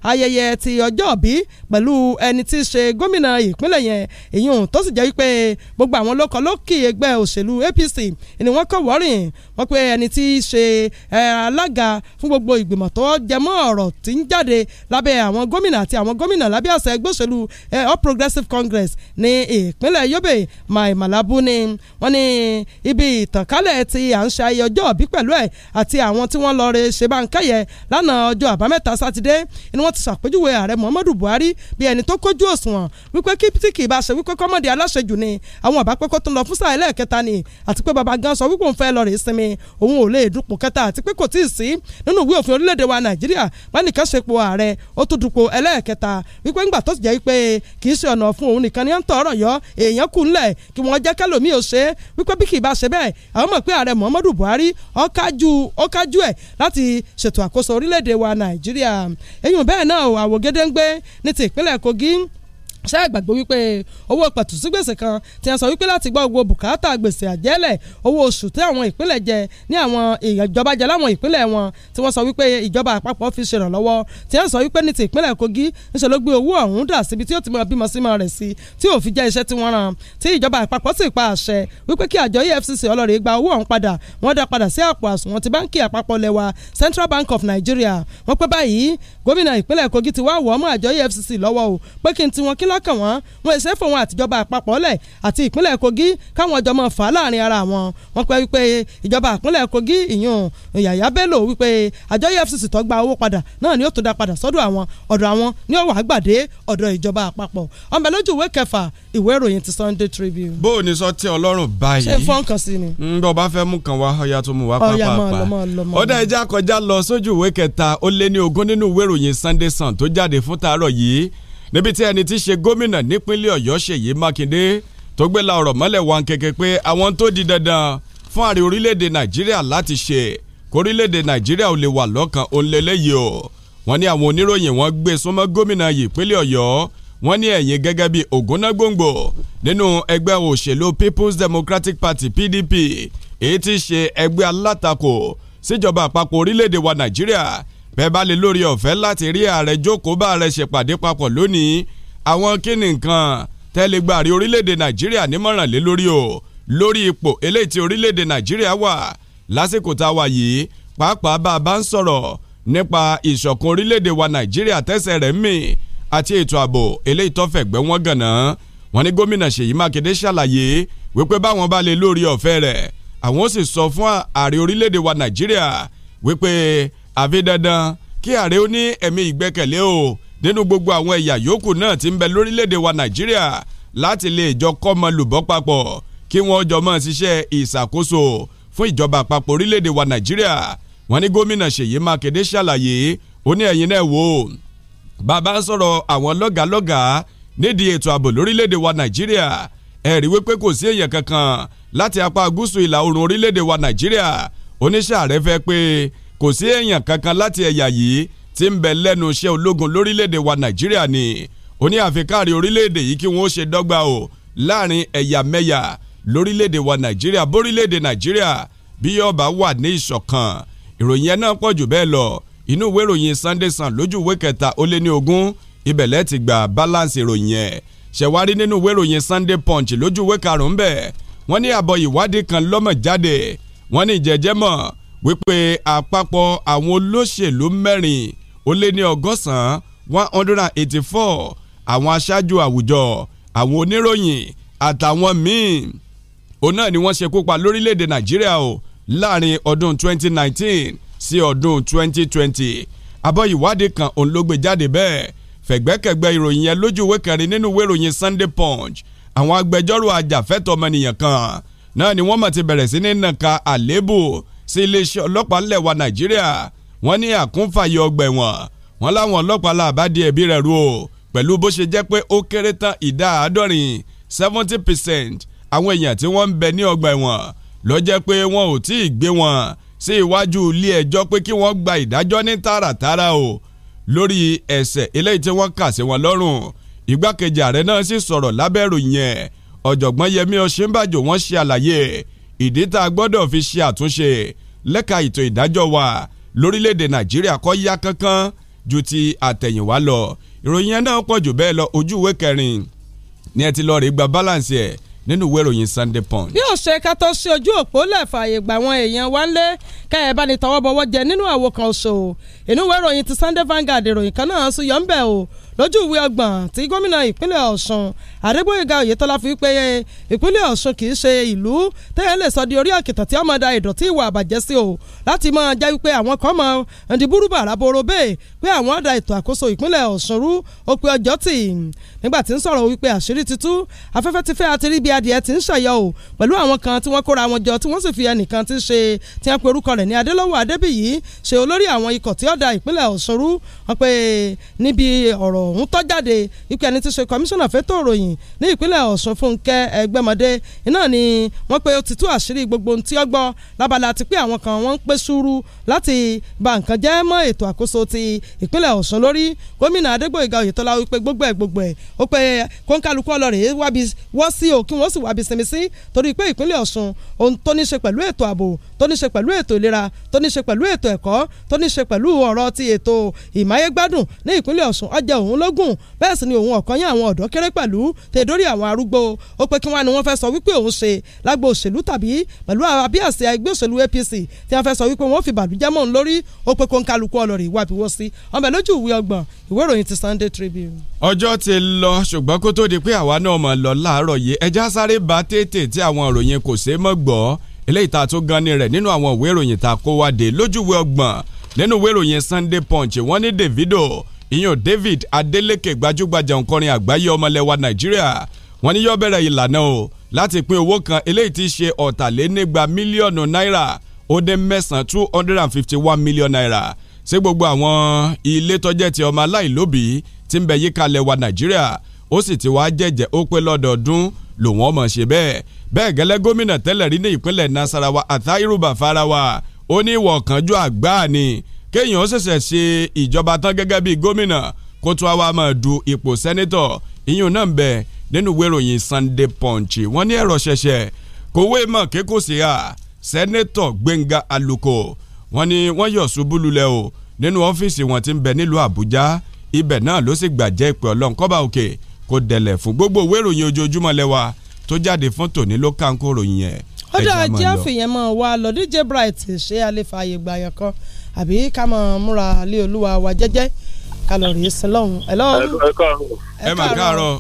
ayẹyẹ ti ọjọ́ bí pẹ̀lú ẹni tí í ṣe gómìnà ìpínlẹ̀ yẹn èyí tó sì jẹ́ wípé gbogbo àwọn lókọ̀ lókì ẹgbẹ́ òṣèlú APC ni wọ́n kọ̀ wọ́rìn wọ́n pe ẹni tí í ṣe alága fún gbogbo ìgbìmọ̀ tó jẹmọ́ ọ̀rọ̀ tí ń jáde lábẹ́ àwọn gómìnà àti àwọn gómìnà lábẹ́ àṣẹ ẹgbẹ́ òṣèlú All Progressives Congress ní ìpínlẹ̀ Yobe Mai ni wọ́n ní ibi ìtànkálẹ̀ tí à ń ṣe ayẹyẹ ọjọ́ òbí pẹ̀lú ẹ̀ àti àwọn tí wọ́n lọ re ṣe bá ń kẹ́yẹ lánàá ọjọ́ àbámẹ́ta sátidé ni wọ́n ti ṣàpèjúwe ààrẹ Muhammadu Buhari bí ẹni tó kójú òṣùwọ̀n wípé kí bá ṣe wípé kọ́mọ̀dé aláṣejù ni àwọn àbá pé kó tún lọ fún sáà ẹlẹ́ẹ̀kẹta ni àti pé baba gan sọ wípé òun fẹ́ lọ rè é sinmi òun ò lè dupò kẹta àti pé kò tí ì sí nínú ìwé òfin orílẹ̀-èdè wa nàìjíríà pánìkan ṣepò ààrẹ ó tún dupò ẹlẹ́ẹ̀kẹta wípé ńgbà tó ti jẹ́ pé kì í ṣe ọ̀nà fún òun nìkan ni à ń tọrọ yọ èèyàn kù ńlẹ̀ kí wọ́n jẹ́ kẹ́lòmí ò ṣe wípé bí kì í bá ṣe bẹ́ẹ̀ àwọn mọ̀ pé ààrẹ muhammadu buhari ó kájú ẹ̀ láti ṣètò àkóso orílẹ̀-èdè wa nàìjíríà èyí bẹ́ẹ̀ náà àwògede ń gbé ní ti ṣé àgbàgbọ́ wípé owó pẹ̀tùsígbèsè kan ti ń sọ wípé láti gbọ́ owó bùkátà gbèsè àjẹ́lẹ̀ owó oṣù tí àwọn ìpínlẹ̀ jẹ ní àwọn ìjọba jẹ láwọn ìpínlẹ̀ wọn tí wọ́n sọ wípé ìjọba àpapọ̀ fi ṣèrànlọ́wọ́ tí ń sọ wípé ní ti ìpínlẹ̀ Kogi ńṣe ló gbé owó ọ̀hún dà síbi tí ó ti mọ bímọ símọ rẹ̀ sí tí ò fi jẹ́ iṣẹ́ tí wọ́n rán tí ìjọba àpapọ̀ sì pa àṣẹ wípé e Central Bank of Nigeria e kí lọ́kàn wọn wọn èsè fòun àtijọba àpapọ̀ lẹ̀ àti ìpínlẹ̀ Kogi káwọn ọjọ́ máa fà láàrin ara wọn wọn pẹ́ wípé ìjọba ìpínlẹ̀ Kogi ìyún Yàyà Bello wípé àjọ EFCC tó gba owó padà náà ni ó tó dá padà sọ́dọ̀ àwọn ọ̀dọ̀ àwọn ni ó wàá gbàdé ọ̀dọ̀ ìjọba àpapọ̀ ọmọ lójú ìwé kẹfà ìwé ìròyìn ti Sunday Tribune. bó o ní sọ tí Ọlọ́run báyìí ṣé fọ́n kan sí ni. n bọ́ bá fẹ́ mú kan wá ọya tó mú wá pàápàá ọ̀dà ìjà kọjá lọ sójú ìwé kẹta ó lé ní ogún nínú ìwé ìròyìn Sunday Sun tó jáde fún tàárọ̀ yìí níbi tí ẹni tí í ṣe gómìnà nípínlẹ̀ ọ̀yọ́ ṣèyí mákindé tó gbé la ọ̀rọ̀ mọ́lẹ̀ wọn kẹ̀kẹ́ pé àwọn tó di dandan fún ààrẹ orílẹ̀-èdè nàìjíríà láti ṣe kórílẹ̀-èdè nàìjíríà ò lè wà lọ́kàn òǹlẹ́lẹ́yìí o wọ́n ní àwọn oníròyìn wọ́n gbé súnmọ́ gómìnà yìí pínlẹ̀ ọ̀yọ́ wọ́n ní ẹ̀yìn gẹ́gẹ́ bí ògúnnágbòǹgbò nínú ẹgbẹ́ òṣèlú People's Democratic Party PDP èyí tí í ṣe ẹgbẹ́ alátakò síjọba àpapọ̀ orílẹ̀-èdè wa Nàìjíríà bẹ́ẹ̀ bá lè lórí ọ̀fẹ́ láti rí ààrẹ jókòó bá ààrẹ ṣèpàdé papọ̀ lónìí àwọn kíni nǹkan tẹ́lẹ̀gbàrí orílẹ̀-èdè nàìjíríà nímọ̀ràn lé lórí o lórí ipò eléyìí tí orílẹ̀-èdè nàìjíríà wà lásìkò tá a wà yìí pàápàá bá a bá ń sọ̀rọ̀ nípa ìṣọ̀kan orílẹ̀-èdè wa nàìjíríà tẹ́sẹ̀ rẹ̀ ń mì àti ètò ààbò eléyìí tó fẹ̀gbẹ́ wọn gànà wọn ni gómìnà ṣèyí mákindé ṣàlàyé wípé báwọn bá lè lórí ọ̀fẹ́ rẹ̀ àwọn ó sì sọ fún ààrẹ orílẹ̀-èdè wa nàìjíríà wípé àfi dandan kí ààrẹ ó ní ẹ̀mí ìgbẹ́kẹ̀lé o nínú gbogbo àwọn ẹ̀yà yòókù náà tí ń bẹ lórílẹ̀‐èdè wa nàìjíríà láti lè jọ kọ́mọ lùbọ́ papọ̀ kí wọ́n jọ mọ́ ṣiṣẹ́ ìṣàkóso fún ìjọba àpapọ̀ orílẹ̀‐èdè wa nàìjíríà wọ́n ní gómìnà ṣèyí mákindé ṣàlàyé ó ní ẹ̀yin náà wò ó bàbá ń sọ̀rọ̀ àwọn lọ́gàálọ́gàá nídìí ètò ààbò lórílẹ̀‐èdè wa nàìjíríà ẹ̀rí wípé kò sí èèyàn kankan láti apá gúúsù ìlà oòrùn orílẹ̀‐èdè wa nàìjíríà oníṣẹ́ ààrẹ fẹ́ pé kò sí èèyàn kankan láti ẹ̀yà yìí tí ń bẹ lẹ́nu iṣẹ́ ológun lórílẹ̀‐èdè wa nàìjíríà ni ó ní àfikáàrí orílẹ̀‐èdè yìí kí wọ́n ṣe dọ́gba o láàrin ẹ̀yà mẹ́yà lórílẹ̀‐èdè wa nàìjíríà bórílẹ̀‐èdè nàìjíríà bí yóò bá wà ní ìṣọ̀kan ìròyìn yẹn náà pọ̀ jù bẹ́ẹ̀ lọ inú ìwé ìròyìn Sunday Sun lójú ìwé kẹta ó lé ní ogún ibẹ̀lẹ́ ti gba balance ìròyìn yẹn ṣẹ̀wárí nínú ìwé ìròyìn Sunday Punch lójú ìwé karùn-ún bẹ́ẹ̀ wọ́n ní àbọ̀ ìwádìí kan lọ́mọ̀ jáde wọ́n ní ìjẹ́jẹ́ mọ̀ wípé àpapọ̀ àwọn olóṣèlú mẹ́rin ó lé ní ọgọ́sàn-án one hundred and eighty four àwọn aṣáájú àwùjọ àwọn oníròyìn àtàwọn míì òun náà ni wọ́n ṣekú pa lórílẹ̀‐èdè nàìjíríà o láàrin ọdún twenty nineteen sí ọdún twenty twenty abọ́ ìwádìí kan òun ló gbé jáde bẹ́ẹ̀ fẹ̀gbẹ́kẹ̀gbẹ́ ìròyìn yẹn lójú ìwé kẹrin nínú ìwé ìròyìn Sunday Punch àwọn agbẹjọ́rò ajàfẹ́tọ̀ọ́ ọmọnìyàn kan náà ni wọ́n mọ̀ ti bẹ̀rẹ̀ sí ní nàka àléébù sí iléeṣẹ́ ọlọ́pàá ńlẹ̀ wa nàìjíríà wọ́n ní àkúnfàyè ọgbà ẹ̀wọ̀n wọ́n láwọn ọlọ́pàá là bá di ẹ̀bí rẹ̀ rú o pẹ̀lú bó ṣe jẹ́ pé ó kéré tán ìdá àádọ́rin seventy percent àwọn èèyàn tí wọ́n ń bẹ ní ọgbà ẹ̀wọ̀n ló jẹ́ pé wọn ò tí ì gbé wọn sí iwájú ilé ẹjọ́ pé kí wọ́n gba ìdájọ́ ní tààràtààrà o lórí ẹ̀ṣẹ̀ eléyìí tí wọ́n kà sí wọn lọ́rùn ìgbákejì ààrẹ náà sì sọ̀rọ̀ lábẹ́rò yẹn ọ̀jọ̀gbọ́n yẹmi ọ̀ṣínbàjò wọ́n ṣe àlàyé ìdí tá a gbọ́dọ̀ fi ṣe àtúnṣe lẹ́ka ètò ìdájọ́ wa lórílẹ̀‐èdè nàìjíríà kọ́ yá kankan ju ti àtẹ̀yìnwá lọ ìròyìn yẹn náà pọ̀ jù bẹ́ẹ̀ lọ ojú ìwé kẹrin ni ẹ ti lọ rè gba balance ẹ̀ nínú ìwé ìròyìn Sunday Punch. bí ọ̀sẹ̀ ká tó sí ojú òpó lẹ́ẹ̀fààyè gbà wọn èèyàn wá lé kẹ́ẹ̀ bá ní tọwọ́ bọwọ́ jẹ nínú àwo kan oṣù inú ìwé ìròyìn ti Sunday Vanguard ìròyìn kan náà sún yọ̀ ń bẹ̀ o lójú ìwé ọgbọ̀n tí gómìnà ìpínlẹ̀ Ọ̀ṣun Adégbóyèga Oyètọ́lá fi pé ìpínlẹ̀ Ọ̀ṣun kì í ṣe ìlú tẹ́yẹ lè sọ di orí àkìtàn tí a máa da ìdọ̀tí ìwà àbàjẹ́ sí o láti máa jẹ́ wípé àwọn kan máa di búrúbà àràbòrò bẹ́ẹ̀ pé àwọn àdá ètò àkóso ìpínlẹ̀ Ọ̀ṣun rú ó pé ọjọ́ tì nígbà tí ń sọ̀rọ̀ wípé àṣírí ti tú afẹ́fẹ́ ti fẹ́ àti rí bí adìẹ ti ń ṣàyọ o pẹ̀lú àwọn kan tí wọ́n kóra wọn jọ tí wọ́n sì fi ẹnìkan ti ṣe tí wọ́n pe orúkọ rẹ̀ ní Adélọ́wọ̀ Adébíyí ṣe olórí àwọn ikọ̀ tí ó ìpínlẹ̀ Ọ̀ṣun wọn pé níbi ọ̀rọ̀ ọ̀hún tó wípé ẹni ti ṣe kọmíṣánná fẹ́tọ̀ òròyìn ìròyìn ní ìpínlẹ̀ Ọ̀ṣun Fúnkẹ́ Ẹgbẹ́mọdé iná ni wọ́n pe ó ti tú àṣírí gbogbo ohun tí ó gbọ́ lábala ti pé àwọn kan wọ́n ń pé sùúrù láti ba nǹkan jẹ́ mọ́ ètò àkóso ti ìpínlẹ̀ Ọ̀ṣun lórí gómìnà Adégbòyèga Oyètọ́lá wípé gbogbo ẹ̀ gbogbo ẹ̀ ó pe kọ́ńkálukú ọlọ́rẹ̀ wọ́ sí o kí wọ́n sì wábi sinmi sí torí pé ìpínlẹ̀ Ọ̀ṣun ohun tó ní ṣe pẹ̀lú ètò ààbò tó ní ṣe pẹ̀lú ètò ìlera tó ní ṣe pẹ̀lú ètò ẹ̀kọ́ tó ní ṣe pẹ̀lú ọ̀rọ̀ ti ètò ìmáyégbádùn ní ìpínlẹ̀ Ọ̀ṣun ọjà òun lógún bẹ́ẹ̀ sì ni òun ọ̀kan yẹn àwọn ọ̀dọ́ kéré pẹ̀lú tèdórí àwọn arúgbó ó pé kí wọ́n ní wọ́n fẹ́ sọ wípé òun ṣe lágbo òṣèlú tàbí pẹ̀lú àbí ẹgbẹ́ òṣèlú APC tí wọ́n fẹ́ sọ wípé wọ́n fi bàdújẹ́ mọ́ òun lórí ó pé kó ń kálukú ọlọ́rìí ìwà àbíwọ́ sí ọmọ ẹ̀ lójú ìwé ọgbọ̀n ìwé ìròyìn ti Sunday Tribune. ọjọ́ ti lọ ṣùgbọ́n kó tó di pé àwa náà mọ̀ lọ láàárọ̀ yìí ẹja sáré ba tètè tí àwọn ìròyìn kò ṣeé mọ̀ gbọ́ eléyìí tá a tó gan ni rẹ̀ nínú àwọn ìwé ìròyìn tá a kó wa dé lójú ìwé ọgbọ̀n nínú ìwé ìròyìn Sunday Punch wọ́n ní Davido ìyàn David Adeleke gbajúgbajà òǹkọrin àgbáyé ọmọlẹ́wà Nàìjíríà wọ́n ní yọ bẹ̀rẹ̀ ìlànà o láti pín owó kan eléyìí ti ṣe ọ̀tàlénígba mílíọ̀nù náírà ó dé mẹ́sàn-án two hundred and fifty one million naira ṣé gbogbo àwọn ilé tọ́jẹ́ ti ọmọ aláìlóbìí ti ń bẹ yíká lẹ́wà Nàìjíríà ó sì ti wá jẹ̀jẹ̀ ó pé lọ́dọọdún lòun ọmọ ṣe bẹ́ẹ̀ bẹ́ẹ̀ gẹ́lẹ́ gómìnà tẹ́lẹ̀ rí ní ìpínlẹ̀ Nasarawa Athairu Bafarawa ó ní ìwọ̀ kanjú àgbáà ni kéèyàn ṣẹ̀ṣẹ̀ ṣe ìjọba tán gẹ́gẹ́ bíi gómìnà kó tún àwa máa du ipò sẹ́nítọ̀ ìyún náà ń nínú ìwé ìròyìn Sunday Punch wọ́n ní ẹ̀rọ ṣẹ̀ṣẹ̀ kòwé mọ̀ kékò sí à sẹ́nítọ̀ Gbẹ́ngà Àlùkò wọ́n ní wọ́n yọ̀ ṣubú lulẹ̀ o nínú ọ́fíìsì wọn ti ń bẹ nílùú Àbújá ibẹ̀ náà ló sì gbàjẹ́ ìpè ọlọ́nkọ́ba òkè kó dẹlẹ̀ fún gbogbo ìwé ìròyìn ojoojúmọ́ lẹ́wà tó jáde fún tòní ló ká ń kó ròyìn yẹn. ó dáa àfihàn mọ́ wa lọ́díjẹ́ bright ṣé a lè fààyè gbàyàn kan àbí ká mọ̀ múra lé olúwa wa jẹ́jẹ́ ká lọ rèé sin lọ́hùn. ẹ lọ́hùn. káàárọ̀.